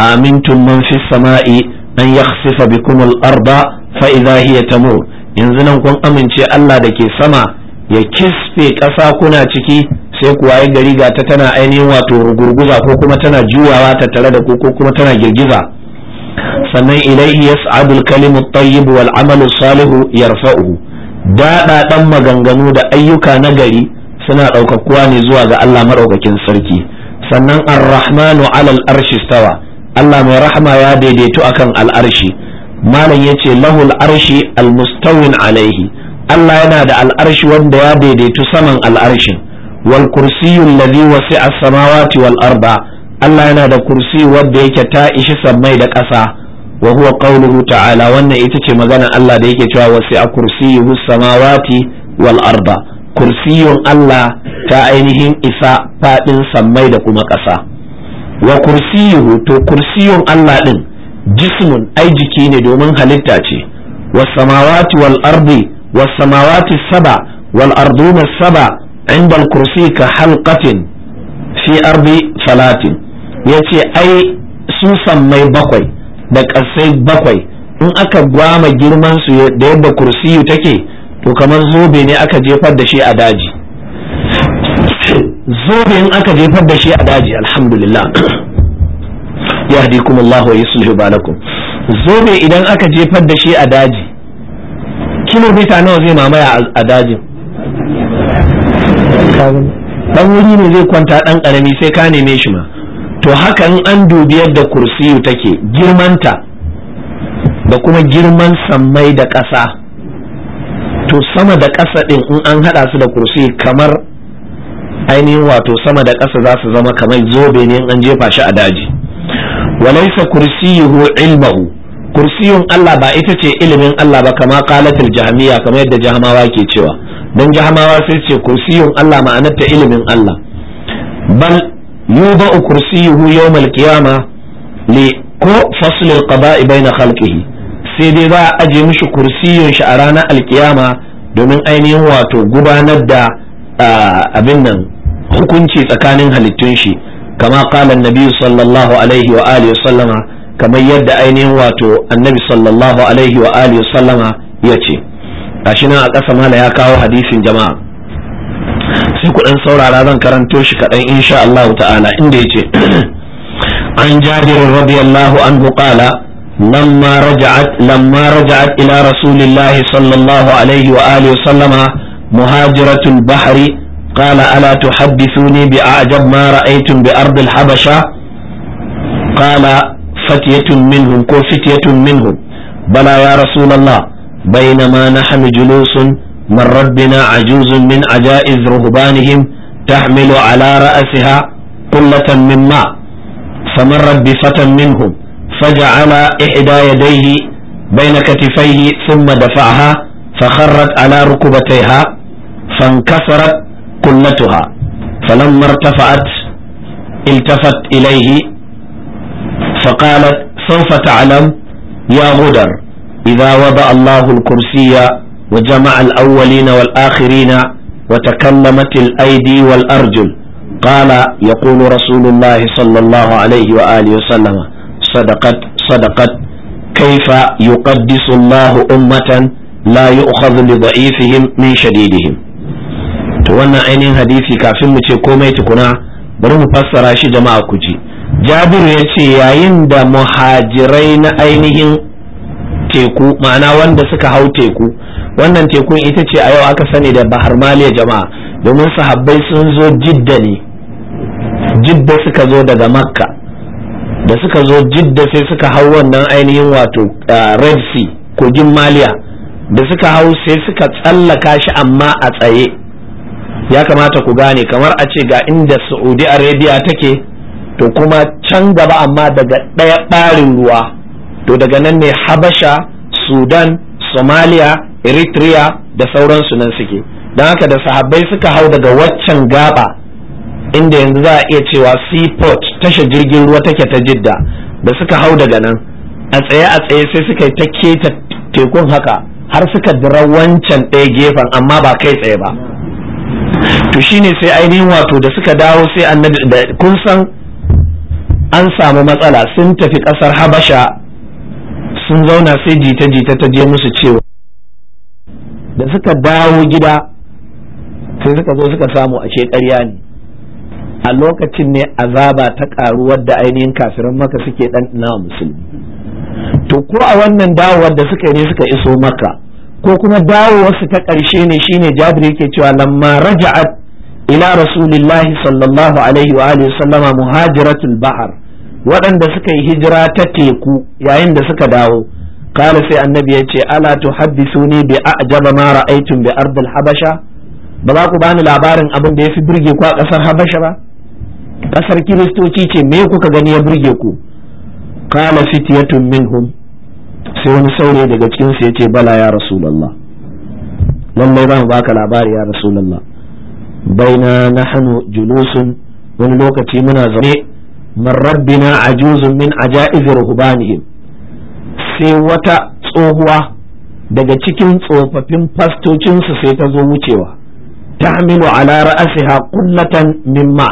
amintun fis sama'i an yakhsifa bikum al-arda fa idha hiya yanzu nan kun amince Allah da ke sama ya kisfe kasa kuna ciki sai kuwa ya gari ga ta tana ainihin wato gurguza ko kuma tana juwawa ta tare da ku ko kuma tana girgiza sannan ilaihi yas'adul kalimu tayyib wal amalu salihu yarfa'uhu daɗa ɗan maganganu da ayyuka na gari suna ɗaukakuwa ne zuwa ga Allah maɗaukakin sarki sannan arrahmanu alal arshi stawa Allah mai rahama ya daidaitu akan al'arshi malam yace lahul arshi almustawin alaihi Allah yana da al'arshi wanda ya daidaitu saman al'arshin wal kursiyyul ladhi wasi'a samawati wal arda Allah yana da kursi wadda yake ta ishi sammai da ƙasa wa huwa qauluhu ta'ala wannan ita ce magana Allah da yake cewa kursi kursiyuhu samawati wal arda kursiyun Allah ta ainihin isa fadin sammai da kuma ƙasa wa kursiyuhu to kursiyun Allah din jismun ai jiki ne domin halitta ce was samawati wal ardi was samawati saba wal arduna saba inda al kursi ka halqatin fi ardi salatin ya ce ai su mai bakwai da ƙasai bakwai in aka gwama girman su da yadda kursiyu take to kamar zobe ne aka jefar da shi a daji zobe in aka jefar da shi a daji alhamdulillah Ya kuma Allah wa yuslihu balakum zobe idan aka jefar da shi a daji bita nawa zai mamaya a dajin dan wuri ne zai kwanta dan karami sai ka neme shi ma to haka in an dubi yadda kursiyu take girmanta da kuma girman sammai da ƙasa to sama da ƙasa ɗin in an haɗa su da kursiyu kamar ainihin wato sama da ƙasa za su zama kamar zobe ne in an jefa shi a daji walaisa kursiyuhu ilmahu kursiyun Allah ba ita ce ilimin Allah ba kama kalatul jahmiya kamar yadda jahmawa ke cewa don jahmawa sai ce kursiyun Allah ma'anar ta ilimin Allah bal yuba kursiyuhu yawmal qiyama li ko faslil qada'i baina khalqihi sai dai ba a aje mishi kursiyon shi a ranar alkiyama domin ainihin wato gubanar da abin nan hukunci tsakanin halittun shi kama kala nabi sallallahu alaihi wa alihi sallama kamar yadda ainihin wato annabi sallallahu alaihi wa alihi ya ce gashi nan a ƙasa mala ya kawo hadisin jama'a sai ku dan saurara zan karanto shi kadan insha Allah ta'ala inda yace an jabir radiyallahu anhu qala lamma raj'at lamma raj'at ila rasulillahi sallallahu alayhi wa alihi sallama muhajiratul bahri qala ala tuhaddithuni bi a'jab ma ra'aytum bi ard al habasha qala fatiyatun minhum ko fatiyatun minhum bala ya baina بينما نحن جلوس من ربنا عجوز من عجائز رهبانهم تحمل على رأسها قلة من ماء فمرت بفتى منهم فجعل إحدى يديه بين كتفيه ثم دفعها فخرت على ركبتيها فانكسرت قلتها فلما ارتفعت التفت إليه فقالت سوف تعلم يا غدر إذا وضع الله الكرسي وجمع الأولين والآخرين وتكلمت الأيدي والأرجل قال يقول رسول الله صلى الله عليه وآله وسلم صدقت صدقت كيف يقدس الله أمة لا يؤخذ لضعيفهم من شديدهم wannan ainihin hadisi kafin mu ce komai tukuna bari mu fassara shi jama'a ku ji jabiru ya ce yayin da muhajirai na ainihin teku ma'ana wanda suka hau teku wannan tekun ita ce a yau aka sani da bahar maliya jama'a domin sahabbai sun zo jidda ne jidda suka zo daga makka da suka zo jidda sai suka hau wannan ainihin wato red sea kogin maliya da suka hau sai suka tsallaka shi amma a tsaye ya kamata ku gane kamar a ce ga inda saudi arabia take to kuma can gaba amma daga ɗaya ɓarin ruwa to daga nan ne habasha sudan somalia eritrea da sauransu nan suke don haka da sahabbai suka hau daga waccan gaba inda yanzu za a iya cewa seaport tashar jirgin ruwa take ta jidda da suka hau daga nan a tsaye a tsaye sai suka ta keta tekun haka har suka dira wancan ɗaya gefen amma ba kai tsaye ba to shine sai ainihin wato da suka dawo sai an kun san an samu matsala sun tafi ƙasar habasha sun zauna sai jita-jita ta je musu cewa da suka dawo gida sai suka zo suka samu a ƙarya ne a lokacin ne azaba ta ƙaru wadda ainihin kafirin maka suke ɗan wa musulmi to ko a wannan dawowar da suka yi ne suka iso maka ko kuma dawowarsu ta ƙarshe ne shine jabir yake cewa lamma raja'at ila rasulillahi sallallahu alaihi wa alihi sallama muhajiratul bahar waɗanda suka yi hijira ta teku yayin da suka dawo kala sai annabi ya ce ala ne bi a'jaba ma ra'aytum bi ardil habasha ba za ku bani labarin abin da ya fi burge ku a ƙasar habasha ba ƙasar kiristoci ce me kuka gani ya burge ku kala fitiyatun minhum sai wani saurayi daga cikinsu su yace bala ya rasulullah lallai ba mu baka labari ya rasulullah baina nahnu julusun wani lokaci muna zaune man rabbina ajuzun min ajaibi ruhbanihim sai wata tsohuwa daga cikin tsofaffin fastocinsu sai ta zo wucewa ta hamilu ala ra'asiha kullatan mimma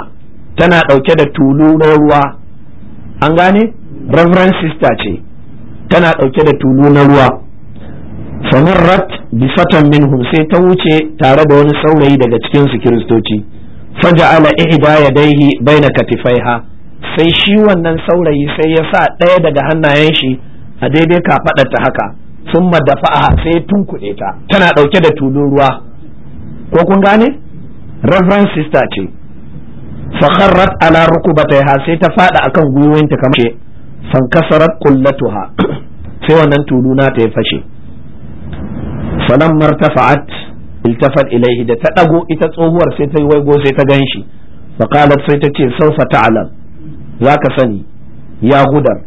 tana ɗauke da tulu na ruwa an gane reverend sister ce tana ɗauke da tulu na ruwa famarrat bi fatan minhum sai ta wuce tare da wani saurayi daga cikin su kiristoci faja'ala ihda yadayhi baina katifaiha sai shi wannan saurayi sai ya sa ɗaya daga hannayen shi a daidai kafaɗar ta haka sun dafa'a sai tunkuɗe ta tana ɗauke da tulun ruwa ko kun gane reverend sister ce fakharrat ala ha sai ta faɗa akan gwiwoyinta kamar ce fankasarat kullatuha sai wannan tulu na ta ya fashe falan martafa'at iltafat ilaihi da ta ɗago ita tsohuwar sai ta yi waigo sai ta gan shi faqalat sai ta ce saufa ta'lam za ka sani ya gudar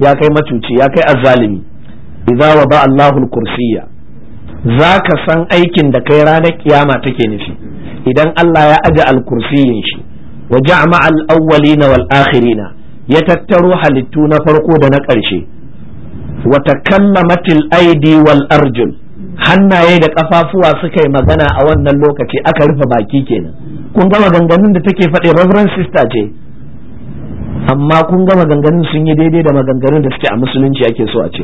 ya kai macuci ya kai azzalimi idza wa ba Allahul kursiya. za ka san aikin da kai ranar kiyama take nufi idan Allah ya aje alkursiyin shi wa ja'ama al-awwalina wal akhirina ya tattaro halittu na farko da na ƙarshe wa takallamatil aidi wal arjul hannaye da kafafuwa suka yi magana a wannan lokaci aka rufe baki kenan kun ga maganganun da take faɗi reverend sister ce amma kun ga maganganun sun yi daidai da maganganun da suke a musulunci ake so a ce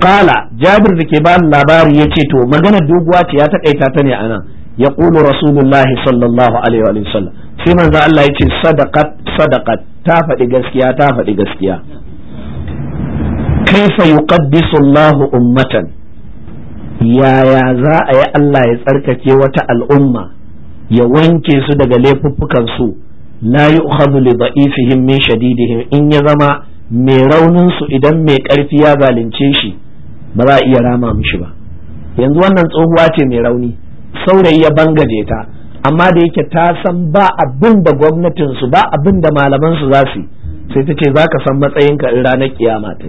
qala jabir da ke bani labari yace to magana doguwa ce ya takaita ta ne anan yaqulu rasulullahi sallallahu alaihi wa sallam sai manzo Allah yace sadaqat sadaqat ta faɗi gaskiya ta faɗi gaskiya kaifa yuqaddisu Allah ummatan yaya za a yi Allah ya tsarkake wata al'umma ya wanke su daga laifuffukan su la yu'khadhu li da'ifihim min shadidihim in ya zama mai raunin su idan mai karfi ya zalunce shi ba za a iya rama mishi ba yanzu wannan tsohuwa ce mai rauni saurayi ya bangaje ta amma da yake ta san ba abin da gwamnatin su ba abin da malaman su za su sai ta ce zaka san matsayinka in ranar kiyama ta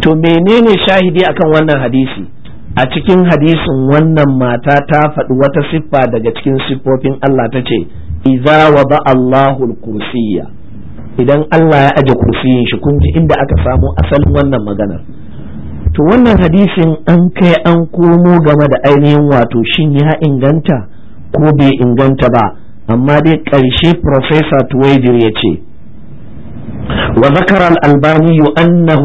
to menene shahidi akan wannan hadisi a cikin hadisin wannan mata ta faɗi wata siffa daga cikin siffofin Allah ta ce wa ba Allahul kursiyya idan Allah ya aje kursiyin shi kun ji inda aka samu asalin wannan maganar to wannan hadisin an kai an komo game da ainihin wato shin ya inganta ko bai inganta ba amma dai ƙarshe professor Tuwaidir ya ce Wa وذكر الألباني أنه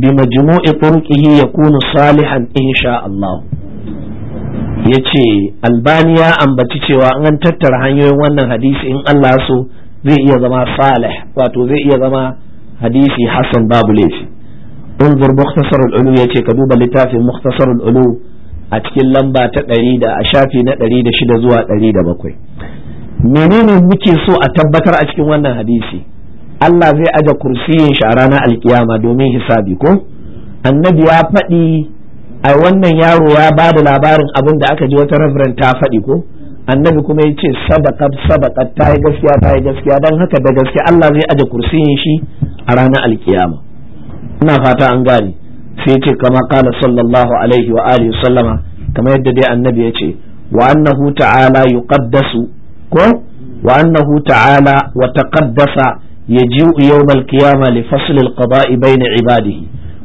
بمجموع طرقه يكون صالحا إن شاء الله yace albani ya ambaci cewa an tattara hanyoyin wannan hadisi in Allah so zai iya zama salih wato zai iya zama hadisi Hassan babu laifi unzur mukhtasar al-ulu yace ka duba littafin mukhtasar al-ulu a cikin lamba ta ɗari da a shafi na ɗari da shida zuwa ɗari da bakwai. menene muke so a tabbatar a cikin wannan hadisi Allah zai aje kursiyin shi a ranar alkiyama domin hisabi ko annabi ya faɗi a wannan yaro ya ba da labarin abin da aka ji wata reverend ta faɗi ko annabi kuma ya ce sabaka sabaka ta yi gaskiya ta yi gaskiya don haka da gaskiya Allah zai aje kursiyin shi a ranar alkiyama ina fata an gane sai ce kama kala sallallahu alaihi wa alihi sallama kamar yadda dai annabi ya ce wa annahu ta'ala yuqaddasu ko wa annahu ta'ala wa taqaddasa ya yawmal qiyama li fasl al qada'i bayna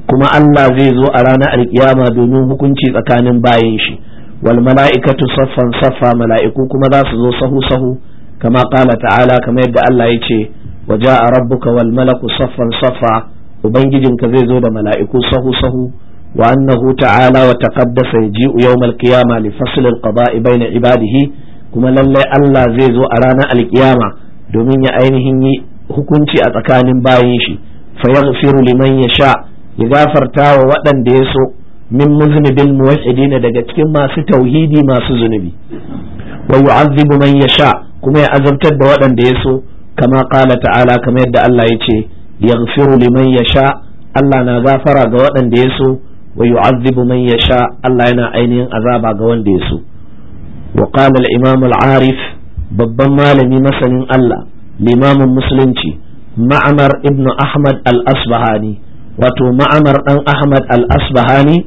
kuma Allah zai zo a ranar alkiyama domin hukunci tsakanin bayan shi walmalaikatu safan safa saffa mala'iku kuma za su zo sahu sahu kama qala ta'ala kamar yadda Allah ya ce wa ja'a rabbuka wal malaku saffan saffa ubangijinka zai zo da mala'iku sahu sahu wa annahu ta'ala wa taqaddasa yaji'u yawmal qiyama li fasl al qada'i bayna ibadihi kuma lallai Allah zai zo a ranar alkiyama domin ya ainihin yi hukunci a tsakanin bayan shi fa yaghfiru liman yasha ya gafarta wa waɗanda ya so min muznibin muwahhidin daga cikin masu tauhidi masu zunubi wa yu'azzibu man yasha kuma ya azabtar da waɗanda ya so kama qala ta'ala kamar yadda Allah ya ce yaghfiru liman yasha Allah na gafara ga waɗanda ya so wa yu'azzibu man yasha Allah yana ainihin azaba ga wanda ya so wa qala al-imam al-arif babban malami masanin Allah limamin musulunci ma'amar ibnu ahmad al-asbahani wato ma'amar ɗan ahmad al-asbahani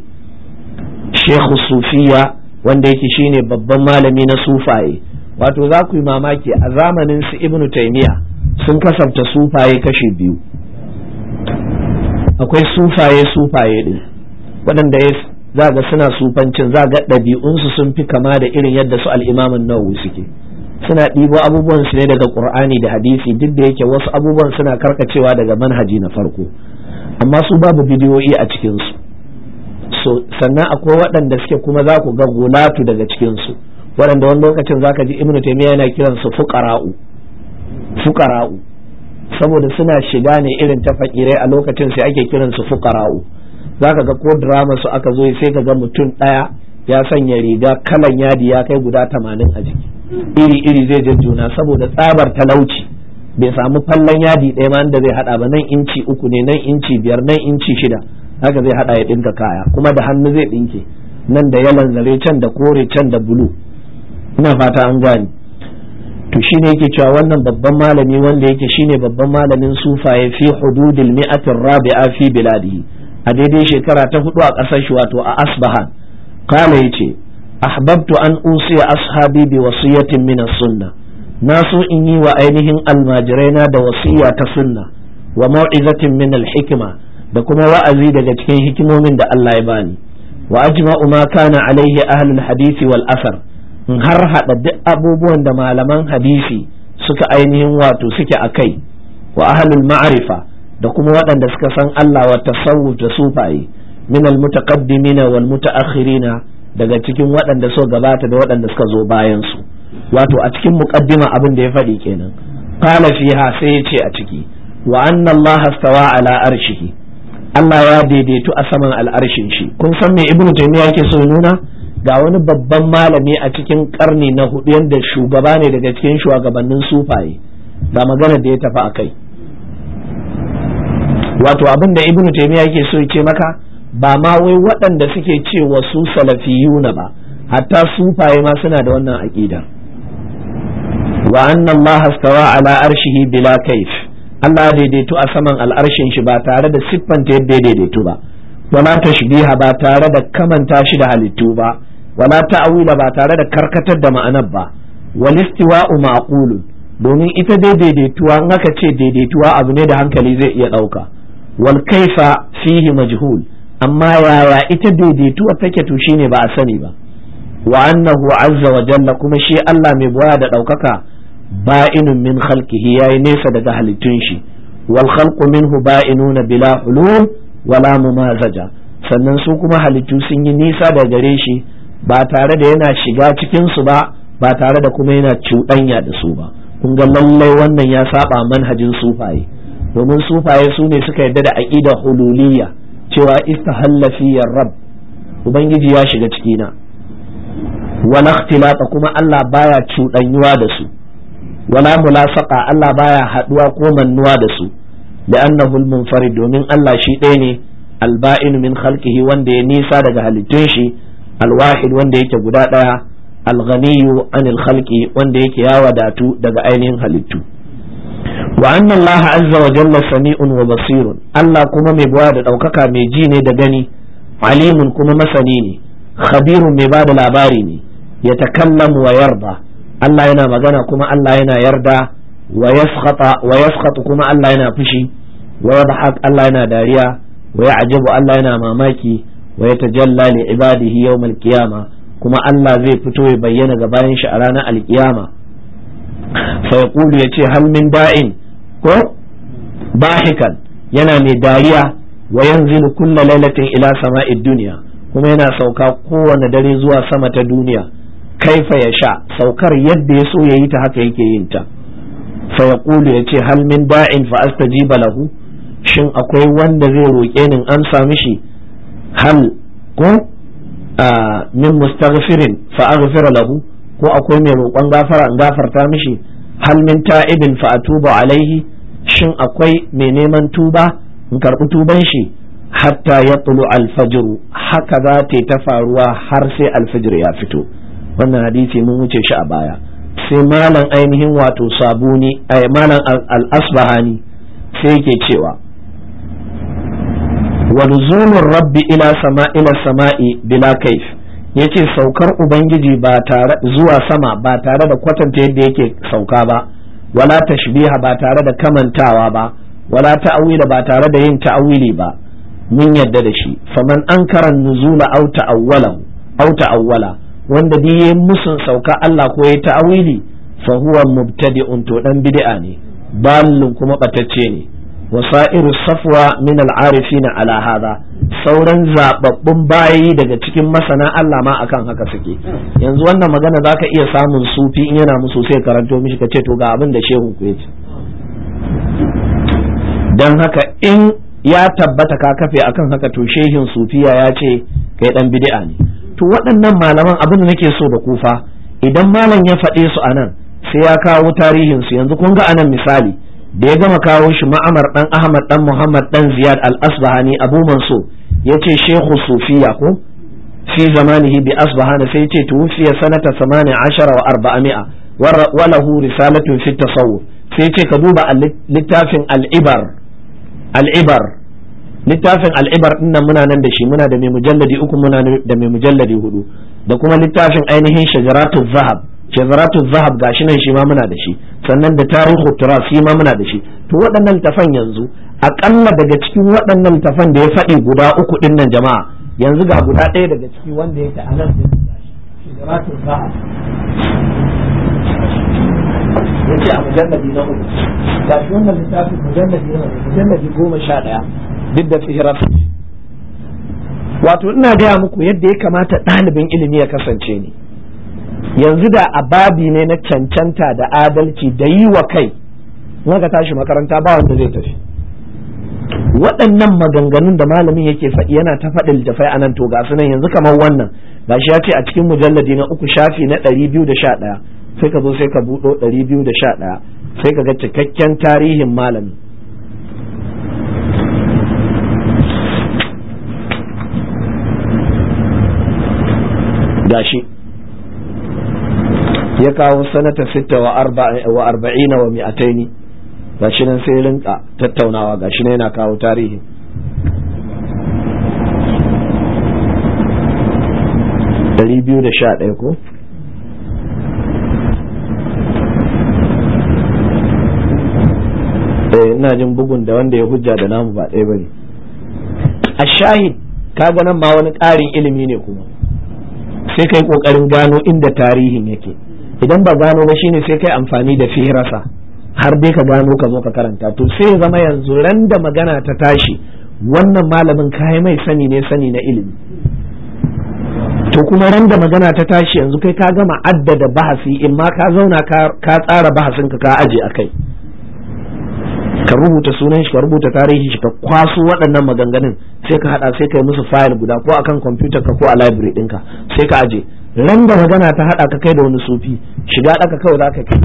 shekhu sufiya wanda yake shine babban malami na sufaye wato za ku yi mamaki a zamanin su ibnu taimiya sun kasafta sufaye kashi biyu akwai sufaye sufaye din waɗanda ya za ga suna sufancin za ga ɗabi'unsu sun fi kama da irin yadda su al'imamin nawawi suke suna ɗibo abubuwan su ne daga qur'ani da hadisi duk da yake wasu abubuwan suna karkacewa daga manhaji na farko amma su babu bidiyoyi a cikin su so sannan akwai waɗanda suke kuma za ku ga gulatu daga cikin su waɗanda wani lokacin zaka ji ibnu taymiya yana kiran su fuqara'u fuqara'u saboda suna shiga ne irin ta fakirai a lokacin sai ake kiran su fuqara'u zaka ga ko drama su aka zo sai ka ga mutum ɗaya ya sanya riga kalan yadi ya kai guda tamanin a jiki iri iri zai juna saboda tsabar talauci bai samu fallon yadi ɗaya ma da zai hada ba nan inci uku ne nan inci biyar nan inci shida haka zai hada ya dinka kaya kuma da hannu zai dinke nan da ya zare can da kore can da bulu ina fata an gani to shine yake cewa wannan babban malami wanda yake shine babban malamin sufaye fi hududil mi'atir rabi'a fi biladihi a daidai shekara ta hudu a ƙasar shi wato a asbahan kala yace ahbabtu an usiya ashabi bi wasiyatin min sunna na so in yi wa ainihin almajiraina da wasiya ta sunna wa mau'izatin min al da kuma wa'azi daga cikin hikimomin da Allah ya bani wa ajma'u ma kana alaihi ahlul hadisi wal asar in har hada duk abubuwan da malaman hadisi suka ainihin wato suke kai wa ahlul ma'rifa da kuma waɗanda suka san Allah wa tasawuf da sufaye min al mutaqaddimina wal mutaakhirina daga cikin waɗanda so gabata da waɗanda suka zo bayan su wato a cikin muqaddima abin da ya faɗi kenan qala fiha sai ya ce a ciki wa anna Allah astawa ala arshihi Allah ya daidaitu a saman al'arshin shi kun san me ibnu taymiya yake so nuna ga wani babban malami a cikin karni na hudu yadda shugaba ne daga cikin shugabannin sufaye ga magana da ya tafi a kai wato abin da ibnu taymiya yake so ya ce maka ba ma wai waɗanda suke cewa su salafiyuna ba hatta sufaye ma suna da wannan aƙidar wa anna Allah astawa ala arshihi bila kaif Allah daidaito a saman al'arshin shi ba tare da siffanta yadda ya daidaito ba wala tashbiha ba tare da kamanta shi da halittu ba wala ta'wila ba tare da karkatar da ma'anar ba wal istiwa'u ma'qulun domin ita dai daidaituwa in aka ce daidaituwa abu ne da hankali zai iya ɗauka wal kaifa fihi majhul amma yaya ita daidaituwa take to shine ba a sani ba wa annahu azza wa jalla kuma shi Allah mai buwa da ɗaukaka ba'inun min khalqihi yayi nesa daga halittun shi wal khalqu minhu ba'inuna bila hulul wala mumazaja sannan su kuma halittu sun yi nisa da gare shi ba tare da yana shiga cikin su ba ba tare da kuma yana cuɗanya da su ba kun ga lallai wannan ya saba manhajin sufaye domin sufaye su ne suka yarda da aqida hululiyya cewa istahalla fiyar rabb ubangiji ya shiga cikina wala ikhtilata kuma Allah baya cuɗanyuwa da su wala mulasaqa Allah baya haɗuwa ko mannuwa da su li'annahu al-munfarid domin Allah shi ɗaya ne alba'in min khalqihi wanda ya nisa daga halittun shi alwahid wanda yake guda ɗaya alghaniyu anil khalqi wanda yake ya wadatu daga ainihin halittu wa anna azza wa jalla sami'un wa basirun Allah kuma mai buwa da ɗaukaka mai ji ne da gani alimun kuma masani ne khabirun mai ba da labari ne ya takallamu wa yarda Allah yana magana kuma Allah yana yarda wa yaskhata kuma Allah yana fushi wa yadhhak Allah yana dariya wa ya'jabu Allah yana mamaki wa yatajalla li ibadihi yawm al kuma Allah zai fito ya bayyana ga bayan shi a ranar alkiyama fa ya yace halmin min da'in ko bahikan yana mai dariya wa yanzilu kulla lailatin ila sama'id duniya kuma yana sauka kowane dare zuwa sama ta duniya kaifa ya sha saukar yadda ya so ya yi ta haka yake yin ta fa ya yace hal min da'in fa astajiba lahu shin akwai wanda zai roƙe ni an sa shi hal ko ah, min mustaghfirin fa aghfir lahu ko akwai mai roƙon gafara in gafarta mishi hal min ta'ibin fa atubu alaihi shin akwai mai neman tuba in karɓi tuban shi hatta ya tulu alfajiru haka za ta ta faruwa har sai alfajir ya fito wannan hadisi mun wuce shi a baya sai malam ainihin wato sabuni ay eh, malam al-asbahani sai yake cewa wa nuzulur rabbi ila sama ila sama'i bila kaif yace saukar ubangiji ba tare zuwa sama ba tare da kwatanta yadda yake sauka ba wala tashbiha ba tare da kamantawa ba wala ta'awila ba tare da yin ta'awili ba mun yadda da shi faman ankara nuzula aw ta'awwala aw ta'awwala wanda duk musun sauka Allah ko yayi ta'awili fa huwa mubtadi'un to dan bid'a ne ballin kuma batacce ne wasa'iru safwa min al'arifina ala hadha sauran zababbun bayi daga cikin masana Allah ma akan haka suke yanzu wannan magana zaka iya samun sufi in yana musu sai karanto mishi kace to ga abin da shehu ku yace dan haka in ya tabbata ka kafe akan haka to shehin sufiya ya ce kai dan bid'a ne to waɗannan malaman abin da nake so da kufa idan malam ya faɗe su anan sai ya kawo tarihin su yanzu kun ga anan misali da ya gama kawo shi ma'amar dan ahmad dan muhammad dan ziyad al-asbahani abu ya yace shehu sufiya ko fi zamanihi bi asbahana sai yace tuwfiya sanata 18 wa 400 wa lahu risalatun fi tasawuf sai yace ka duba littafin al'ibar ibar littafin al'ibar ibar dinnan muna nan da shi muna da mai mujalladi uku muna da mai mujalladi hudu da kuma littafin ainihin shajaratu zahab shagaratu zahab gashi nan shi ma muna da shi sannan da tarihu turas shi ma muna da shi to waɗannan tafan yanzu akalla daga cikin waɗannan tafan da ya faɗi guda uku ɗin nan jama'a yanzu ga guda ɗaya daga ciki wanda ya a nan shagaratu zahab yace a mujallabi na uku shi wannan littafin mujallabi na mujallabi goma sha ɗaya duk da fihirar wato ina gaya muku yadda ya kamata ɗalibin ilimi ya kasance ne yanzu da a babi ne na cancanta da adalci da yi wa kai ka tashi makaranta ba wanda zai tafi waɗannan maganganun da malamin yake faɗi yana ta faɗi littafai anan to ga sunan yanzu kamar wannan shi ya ce a cikin mujalladi na uku shafi na ɗari biyu da sha ɗaya sai ka zo sai ka buɗo ɗari biyu da sha ɗaya sai ka ga cikakken tarihin malami gashi ya kawo sanata sitta wa arba'ina wa mi'ataini ga shi nan sai rinka tattaunawa ga shi yana kawo tarihi dari biyu da sha ɗaya ko eh, ina jin bugun da wanda ya hujja da namu ba ɗaya bane a shahid kaga nan ba wani ƙarin ilimi ne kuma sai kai ƙoƙarin gano inda tarihin yake idan ba gano ba shine sai kai amfani da firasa har dai ka gano ka zo ka karanta to sai zama yanzu ran da magana ta tashi wannan malamin kai mai sani ne sani na ilimi to kuma ran da magana ta tashi yanzu kai ka gama addada bahasi in ma ka zauna ka tsara bahasin ka ka aje akai. ka rubuta sunan shi ka rubuta tarihi shi ka kwaso waɗannan maganganun sai ka haɗa sai ka yi musu fayil guda ko akan kwamfutar ka ko a library ɗinka sai ka aje nan da magana ta haɗa ka kai da wani sufi shiga ɗaka kawai za ka kai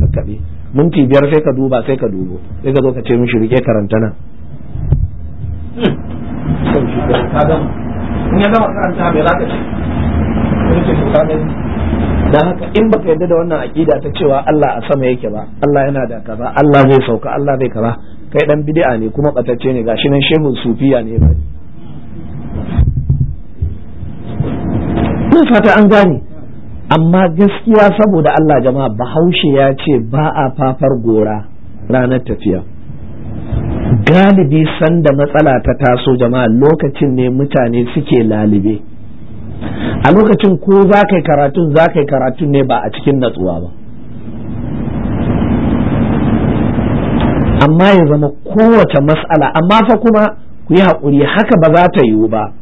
kakkaɓe minti biyar sai ka duba sai ka dubo sai ka zo ka ce shi rike karanta nan da haka in baka yarda da wannan aƙida ta cewa Allah a sama yake ba Allah yana da kaza Allah zai sauka Allah zai kaza kai dan bid'a ne kuma batacce ne gashi nan shehu sufiya ne ba ina fata an gane amma gaskiya saboda Allah jama'a bahaushe ya ce ba a fafar gora ranar tafiya galibi sanda matsala ta taso jama'a lokacin ne mutane suke lalibe a lokacin ko za ka yi karatun za ka yi karatun ne ba a cikin natsuwa ba amma ya zama kowace matsala amma fa kuma ku yi haƙuri haka ba za ta yiwu ba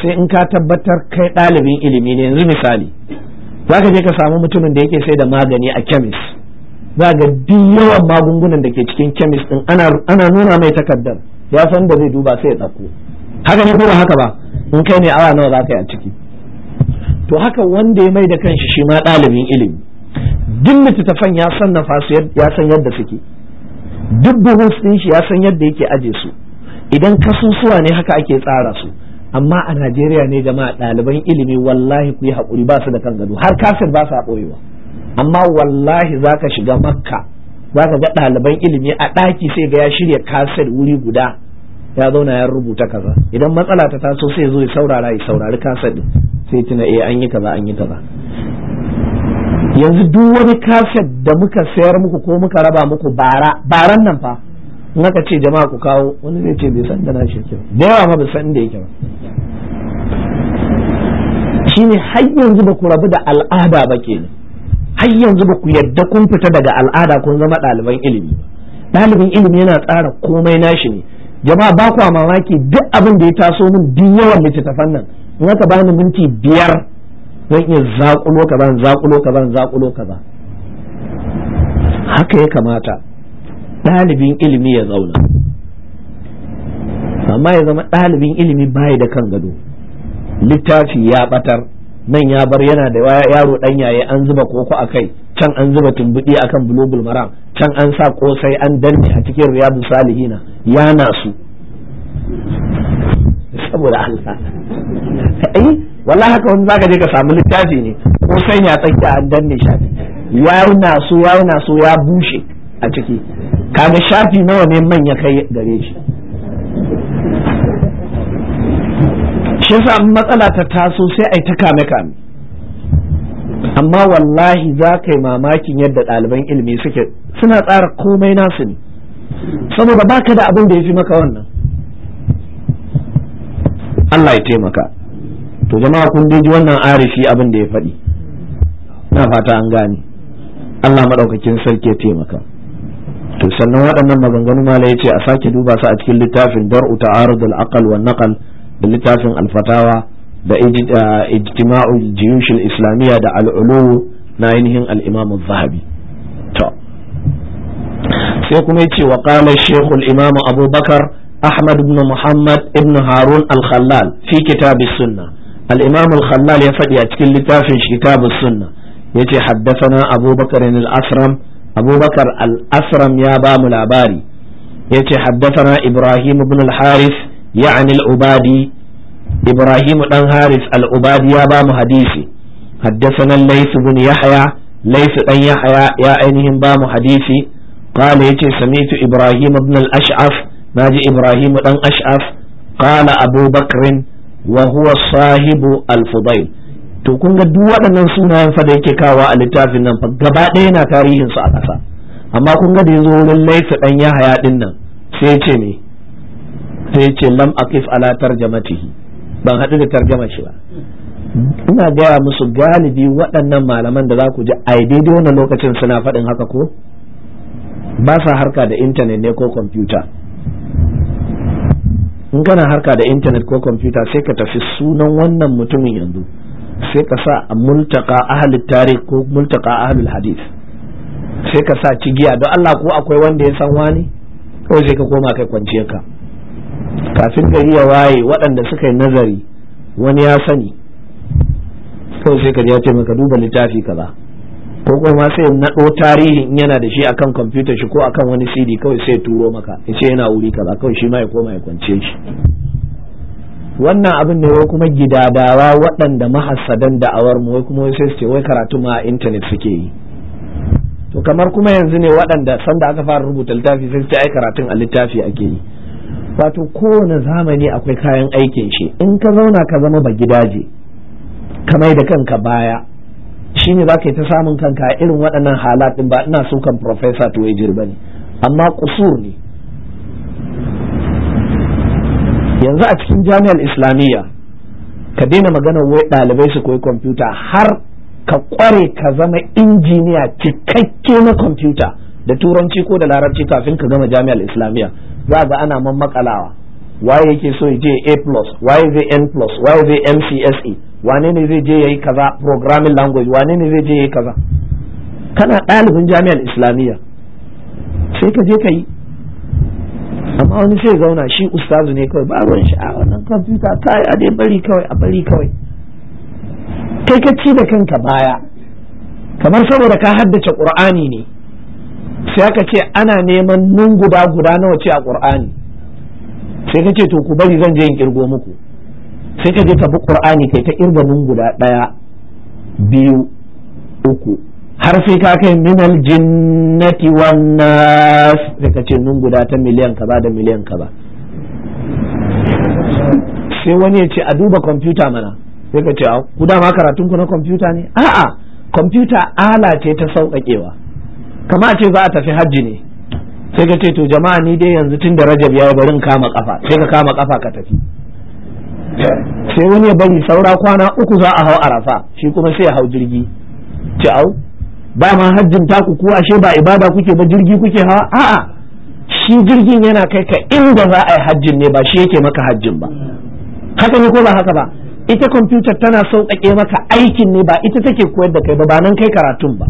sai in ka tabbatar kai ɗalibin ilimi ne yanzu misali za ka je ka samu mutumin da yake sai da magani a kemis za ga duk yawan magungunan da ke cikin kemis din ana nuna mai takardar ya san da zai duba sai ya tsako haka ne kuma haka ba in kai ne awa nawa za ka yi a ciki to haka wanda ya mai da kanshi shi ma ɗalibin ilimi duk littattafan ya na fasu ya san yadda suke duk buhun ɗin shi ya san yadda yake aje su idan kasusuwa ne haka ake tsara su amma a Najeriya ne jama'a ɗaliban ilimi wallahi ku yi haƙuri ba su da kan gado har kafin ba su a ɓoyewa amma wallahi za ka shiga makka za ka ga ɗaliban ilimi a ɗaki sai ga ya shirya kaset wuri guda ya zauna ya rubuta kaza idan matsala ta taso sai zo ya saurara ya saurari kaset din sai tuna eh an yi kaza an yi kaza yanzu duk wani kaset da muka sayar muku ko muka raba muku bara baran nan fa in aka ce jama'a ku kawo wani zai ce bai san da nashi yake da yawa ma bai san da yake ba shine har yanzu ba ku rabu da al'ada ba ke har yanzu ba ku yadda kun fita daga al'ada kun zama ɗaliban ilimi ɗalibin ilimi yana tsara komai nashi ne jama'a ba ku mamaki duk abin da ya taso min duk yawan littattafan nan in aka bani minti biyar zan iya zakulo ka zakulo kaza zakulo kaza haka ya kamata ɗalibin ilimi ya zauna amma ya zama ɗalibin ilimi baya da kan gado littafi ya batar nan ya bar yana da yaro ɗanyaye yaye an zuba koko a kai can an zuba tumbuɗi akan bulogul maram can an sa kosai an danne a cikin riyadu salihina ya nasu saboda Allah eh wallahi haka wani zaka je ka samu littafi ne kosai ya tsakiya an danne shafi ya nasu ya nasu ya bushe a ciki kaga shafi nawa ne manya kai gare shi shi sa matsala ta taso sai a yi ta kame kame amma wallahi za ka yi mamakin yadda ɗaliban ilimi suke suna tsara komai nasu ne saboda baka da abin da ya fi maka wannan Allah ya taimaka to jama'a kun ji wannan arifi abin da ya faɗi na fata an gane Allah maɗaukakin sarki ya taimaka to sannan waɗannan maganganu ma ya ce a sake duba su a cikin littafin dar'u ta'arud al-aqal wa naqal da littafin alfatawa da ijtima'u jiyush islamiyya da al na ainihin al-imam az-zahabi to sai kuma yace wa qala shaykh al-imam Abu Bakar Ahmad ibn Muhammad ibn Harun al-Khallal fi kitab sunnah al ya faɗi a cikin littafin kitab as-sunnah yace haddathana Abu Bakar asram abubakar al ya ba mu labari yace ce haddasana ibrahim ibn al-haris ya'ani al-ubadi ibrahim dan haris al-ubadi ya ba mu hadisi haddasana layth bin yahya layth dan yahya ya ainihin ba mu hadisi qala yace sami'tu ibrahim ibn al-ash'af naji ibrahim dan ash'af qala abubakar wa huwa sahibu al to kun ga duk waɗannan sunayen fa da yake kawo a littafin nan fa gaba ɗaya na tarihin su a ƙasa amma kun ga da yanzu wurin laifi ɗan yahaya ɗin nan sai ce me sai ce lam aqif ala tarjamatihi ban haɗu da tarjama shi ba ina gaya musu galibi waɗannan malaman da za ku ji a daidai wannan lokacin suna faɗin haka ko ba sa harka da intanet ne ko kwamfuta in kana harka da intanet ko kwamfuta sai ka tafi sunan wannan mutumin yanzu sai ka sa a multaka ahalin tarihi ko multaka ahalin hadith sai ka sa cigiya don Allah ko akwai wanda ya san wani ko sai ka koma kai kwanciyar ka kafin ka ya waye waɗanda suka yi nazari wani ya sani ko sai ka yace ce maka duba littafi kaza ko kuma sai naɗo tarihi in yana da shi akan kwamfutar shi ko akan wani cd kawai sai turo maka ya ce yana wuri kaza kawai shi ma ya koma ya kwance shi wannan abin ne wai kuma gidadawa waɗanda mahassadan da'awar mu wai kuma sai su ce wai karatu ma a intanet suke yi to kamar kuma yanzu ne waɗanda sanda aka fara rubuta littafi sai su ce ai karatun a littafi ake yi wato kowane zamani akwai kayan aikin shi in ka zauna ka zama ba gidaje mai da kanka baya shine za ka yi ta samun kanka irin waɗannan halat ba ina so kan professor to ya jirba ne amma kusur ne yanzu a cikin jami'ar islamiyya ka daina magana wai ɗalibai su koyi kwamfuta har ka kware ka zama injiniya cikakke na kwamfuta da turanci ko da larabci kafin ka gama jami'ar islamiyya za ga ana mammakalawa waye yake so ya je a plus waye zai n plus waye zai mcse wane ne zai je yayi kaza programming language wane ne zai je yayi kaza kana ɗalibin jami'ar islamiyya sai ka je ka yi amma wani sai zauna shi ustazu ne kawai babu wani shi ah, wannan kwamfuta ta yi dai bari kawai a bari kawai kai ka ci da kanka baya kamar saboda ka haddace qur'ani ne sai aka ce ana neman nun guda guda nawa ce a qur'ani sai ka ce to ku bari zan je in kirgo muku sai ka je ka bi qur'ani kai ta irga nun guda ɗaya biyu uku har sai ka kai minal jinnati wan nas sai ka ce nun guda ta miliyan ka ba da miliyan ka ba. sai wani ya ce a duba kwamfuta mana sai ka ce a ku dama karatun ku na kwamfuta ne a'a kwamfuta ala ce ta sauƙaƙewa kama ce za a tafi hajji ne sai ka ce to jama'a ni dai yanzu tun da rajab ya barin kama kafa sai ka kama kafa ka tafi sai wani ya bari saura kwana uku za a hau arafa shi kuma sai ya hau jirgi ce au ba ma hajjin taku ko ashe ba ibada kuke ba jirgi kuke hawa a'a shi jirgin yana kai ka inda za a yi hajjin ne ba shi yake maka hajjin ba haka ne ko ba haka ba ita kwamfutar tana sauƙaƙe maka aikin ne ba ita take koyar da kai ba ba nan kai karatun ba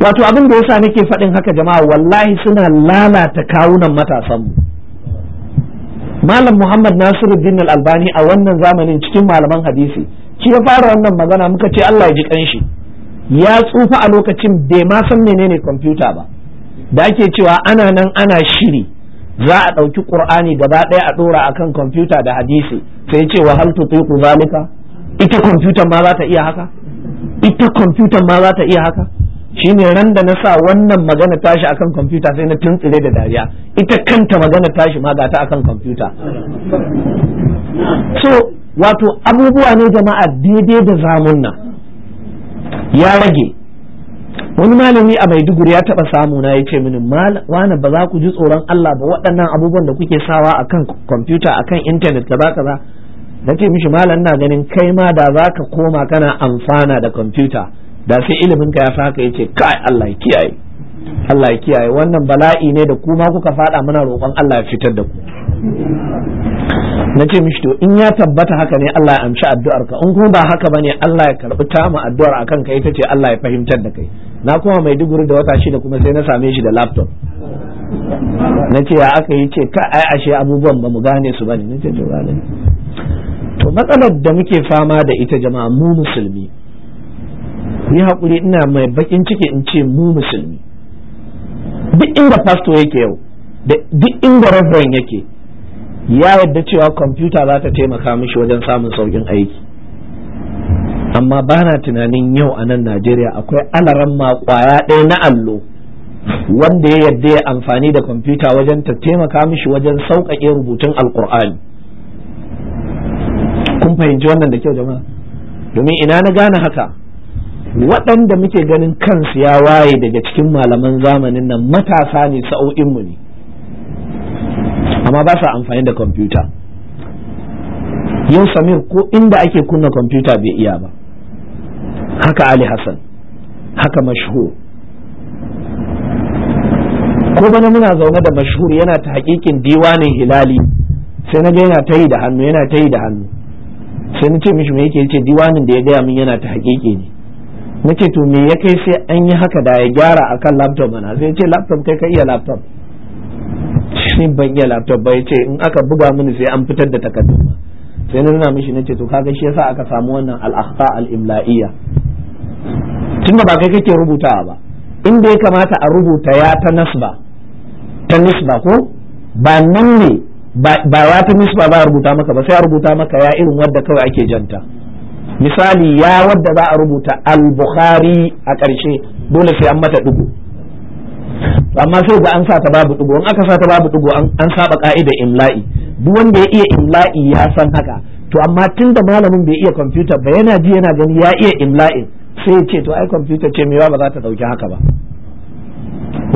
wato abin da yasa nake faɗin haka jama'a wallahi suna lalata kawunan matasanmu malam muhammad nasiruddin al-albani a wannan zamanin cikin malaman hadisi ki ya fara wannan magana muka ce allah ya ji kanshi ya tsufa a lokacin bai ma san menene kwamfuta ba da ake cewa ana nan ana shiri za a ɗauki ƙur'ani gaba ɗaya a ɗora akan kwamfuta da hadisi sai ce wa hal tuqiqu zalika ita kwamfutan ma za ta iya haka ita kwamfutan ma za ta iya haka shine ran da na sa wannan magana tashi akan kwamfuta sai na tuntsire da dariya ita kanta magana tashi ma gata akan kwamfuta so wato abubuwa ne jama'a daidai da zamun nan ya rage wani malami a maiduguri ya taba samu na yace ce mini wani ba za ku ji tsoron Allah ba waɗannan abubuwan da kuke sawa akan kwamfuta akan intanet da baka na ce mishi malam na ganin kai ma da za ka koma kana amfana da kwamfuta da sai ilimin ka ya saka ya ce kai Allah ya kiyaye Allah ya kiyaye wannan bala'i ne da kuma kuka faɗa mana roƙon Allah ya fitar da ku na ce mishi to in ya tabbata haka ne Allah ya amshi addu'ar ka in kuma ba haka bane Allah ya karbi mu addu'ar akan kai ita ce Allah ya fahimtar da kai na kuma mai diguri da wata shida kuma sai na same shi da laptop na ce ya aka yi ce ka ai ashe abubuwan ba mu gane su bane na ce to gane to matsalar da muke fama da ita jama'a mu musulmi ku yi haƙuri ina mai bakin ciki in ce mu musulmi duk inda fasto yake yau da duk inda reverend yake ya yadda cewa kwamfuta za ta taimaka mishi wajen samun saukin aiki amma ba na tunanin yau a nan najeriya akwai alaran ma ɗaya na allo wanda ya yadda ya amfani da kwamfuta wajen ta taimaka mishi wajen sauƙaƙe rubutun alkur'ani kun fahimci wannan da kyau jama'a domin ina na gane haka waɗanda muke ganin kansu ya waye daga cikin malaman zamanin nan matasa ne sa'o'inmu ne amma ba sa amfani da kwamfuta yau samir ko inda ake kunna kwamfuta bai iya ba haka ali hassan haka mashhur ko bana muna zaune da mashhur yana ta hakikin diwanin hilali sai na ga yana ta yi da hannu yana ta yi da hannu sai na ce mishi me yake ce diwanin da ya gaya min yana ta hakiki ne nace to me ya kai sai an yi haka da ya gyara akan laptop mana sai ce laptop kai ka iya laptop shi ban iya laptop ba yace in aka buga mini sai an fitar da takardu sai na nuna mishi nace to kaga shi yasa aka samu wannan al-akhta al-imla'iyya tunda ba kai kake rubutawa ba inda ya kamata a rubuta ya ta nasba ta nisba ko ba nan ne ba ya ta nisba ba rubuta maka ba sai a rubuta maka ya irin wadda kawai ake janta misali ya wadda za a rubuta al-bukhari a ƙarshe dole sai an mata dubu amma sai ga an sa ta babu dubu an aka sa ta babu dubu an saba ka'ida imla'i duk wanda ya iya imla'i ya san haka to amma tun malamin bai iya computer ba yana ji yana gani ya iya imla'i sai ya ce to ai computer ce me ba za ta ɗauki haka ba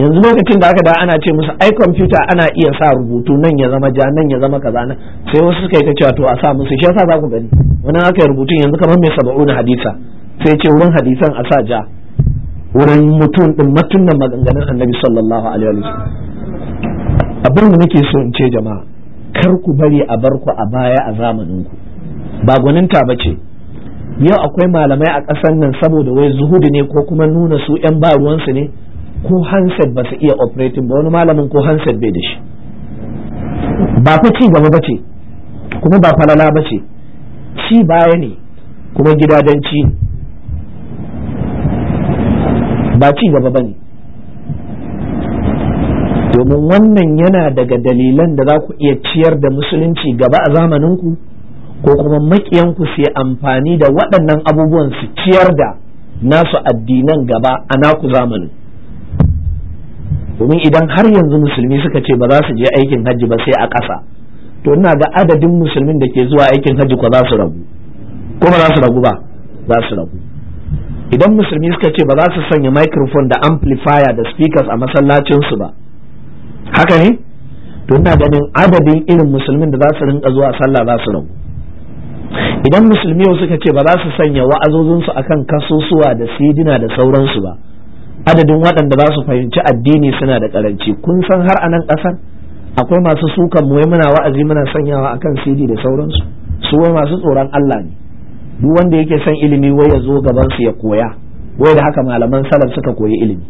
yanzu lokacin da aka da ana ce musu ai kwamfuta ana iya sa rubutu nan ya zama ja nan ya zama kaza nan sai wasu suka yi ta cewa to a sa musu shi sa za ku gani wani aka yi rubutun yanzu kamar mai saba'una hadisa sai ce wurin hadisan a sa ja wurin mutum din matunan maganganun annabi sallallahu alaihi wa sallam. abin da nake so in ce jama'a kar ku bari a bar ku a baya a zamanin ku ba gwaninta ba ce yau akwai malamai a ƙasar nan saboda wai zuhudi ne ko kuma nuna su 'yan ba ruwansu ne ko handset ba su iya operating ba wani malamin ko handset bai da shi ba fa ci gaba ba ce kuma ba falala ba ce ci baya ne kuma gidadanci ba ci gaba ba domin wannan yana daga dalilan da za ku iya ciyar da musulunci gaba a zamaninku ko kuma makiyanku su yi amfani da waɗannan abubuwan su ciyar da nasu addinan gaba a naku zamanin domin idan har yanzu musulmi suka ce ba za su je aikin hajji ba sai a ƙasa to ina ga adadin musulmin da ke zuwa aikin hajji ko za su ragu ko za su ragu ba za su ragu idan musulmi suka ce ba za su sanya microphone da amplifier da speakers a masallacinsu ba haka ne to ina ganin adadin irin musulmin da za su rinka zuwa sallah za su ragu idan musulmi suka ce ba za su sanya wa'azozinsu akan kasusuwa da sidina da sauransu ba adadin waɗanda za su fahimci addini suna da karanci kun san har a nan ƙasar akwai masu sukan mu muna wa'azi muna sanyawa akan CD da sauransu su masu tsoron Allah ne duk wanda yake son ilimi wai ya zo gaban ya koya wai da haka malaman salaf suka koyi ilimi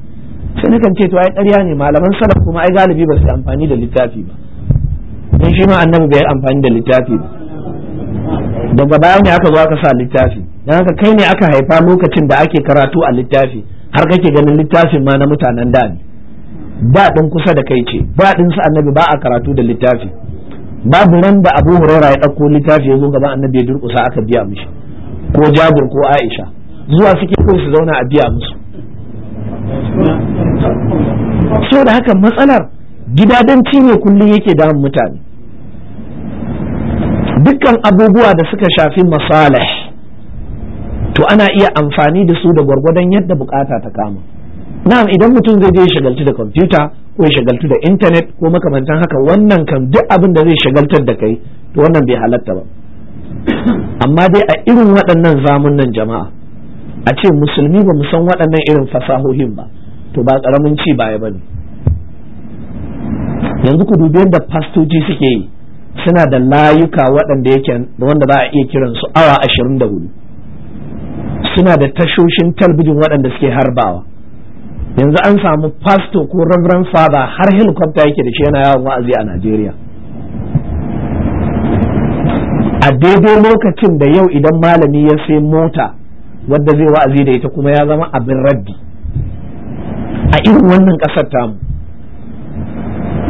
sai nakan ce to ai ƙarya ne malaman salaf kuma ai galibi ba su amfani da littafi ba dan shi ma annabi bai amfani da littafi ba daga baya ne aka zo aka sa littafi dan haka kai ne aka haifa lokacin da ake karatu a littafi har kake ganin littafin ma na mutanen da ne din kusa da kai ce ba din su annabi ba a karatu da littafi babu ran da abu Hurairah ya ɗauko littafi ya zo gaban annabi ya durkusa aka biya mishi ko jabir ko aisha zuwa suke ko su zauna a biya musu so da haka matsalar gidadanci ne kullun yake damun mutane dukkan abubuwa da suka shafi masalih to ana iya amfani da su da gwargwadon yadda bukata ta kama na'am idan mutum zai je shagaltu da kwamfuta ko ya shagaltu da intanet ko makamantan haka wannan kan duk abin da zai shagaltar da kai to wannan bai halatta ba amma dai a irin waɗannan zamunan jama'a a ce musulmi ba san waɗannan irin fasahohin ba to ba ƙaramin ci baya ba ne yanzu ku dubi yadda fastoci suke yi suna da layuka waɗanda yake wanda ba a iya kiransu awa ashirin da hudu suna da tashoshin talbijin waɗanda suke harbawa yanzu an samu pastor ko reverend father har helicopter yake da shi yana yawon wa'azi a Najeriya a daidai lokacin da yau idan malami ya sai mota wadda zai wa'azi da ita kuma ya zama abin raddi a irin wannan ƙasar tamu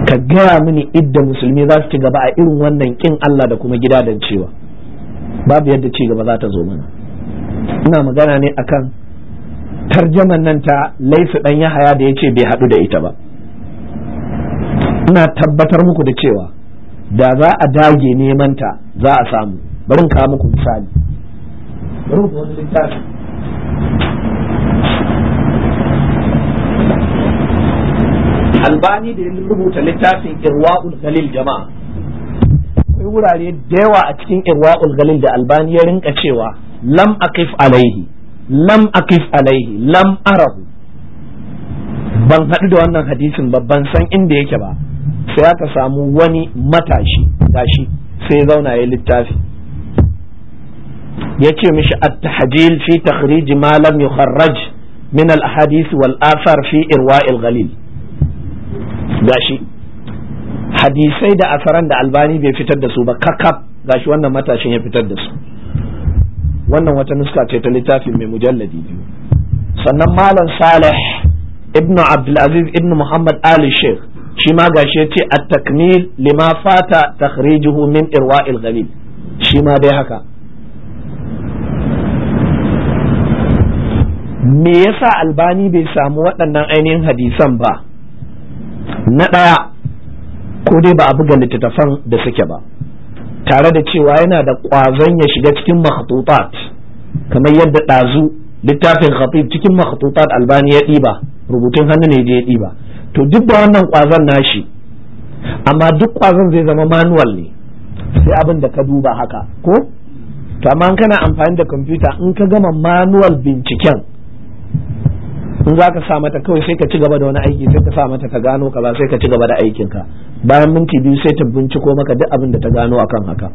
ka gaya mini idda musulmi za su ci gaba a irin wannan kin Allah da kuma gida don cewa. babu yadda ci gaba za ta zo mana ina magana ne akan tarjaman nan ta laifi dan yahaya da ya ce bai haɗu da ita ba ina tabbatar muku da cewa da za a dage neman ta za a samu bari in muku misali albani da ya rubuta littafin irwa'ul galil jama'a akwai wurare da yawa a cikin irwa'ul galil da albani ya rinka cewa lam aqif alaihi lam aqif alaihi lam arahu ban haɗu da wannan hadisin ba ban san inda yake ba sai aka samu wani matashi tashi sai zauna ya littafi ya ce mishi at-tahjil fi takhrij ma lam yukharraj min al-ahadith wal athar fi irwa'il ghalil gashi hadisai da asaran da albani bai fitar da su ba kakab gashi wannan matashin ya fitar da su wannan wata nuska ce ta littafin mai mujalladi biyu sannan malam salih ibnu abdulaziz ibnu muhammad ali sheikh shi ma gashi ce at-takmil lima fata takhrijuhu min irwa'il ghalil shi ma dai haka me yasa albani bai samu waɗannan ainihin hadisan ba na ɗaya ko dai ba a buga littattafan da suke ba tare da cewa yana da ƙwazon ya shiga cikin makhtutat kamar yadda ɗazu littafin khatib cikin makhtutat albani ya ɗiba rubutun hannu ne je ya ɗiba to duk da wannan ƙwazon nashi amma duk ƙwazon zai zama manual ne sai abin da ka duba haka ko to amma kana amfani da kwamfuta in ka gama manual binciken in za ka sa mata kawai sai ka ci gaba da wani aiki sai ka sa mata ka gano kaza sai ka ci gaba da aikinka bayan minti biyu sai ta binciko maka duk abin da ta gano akan haka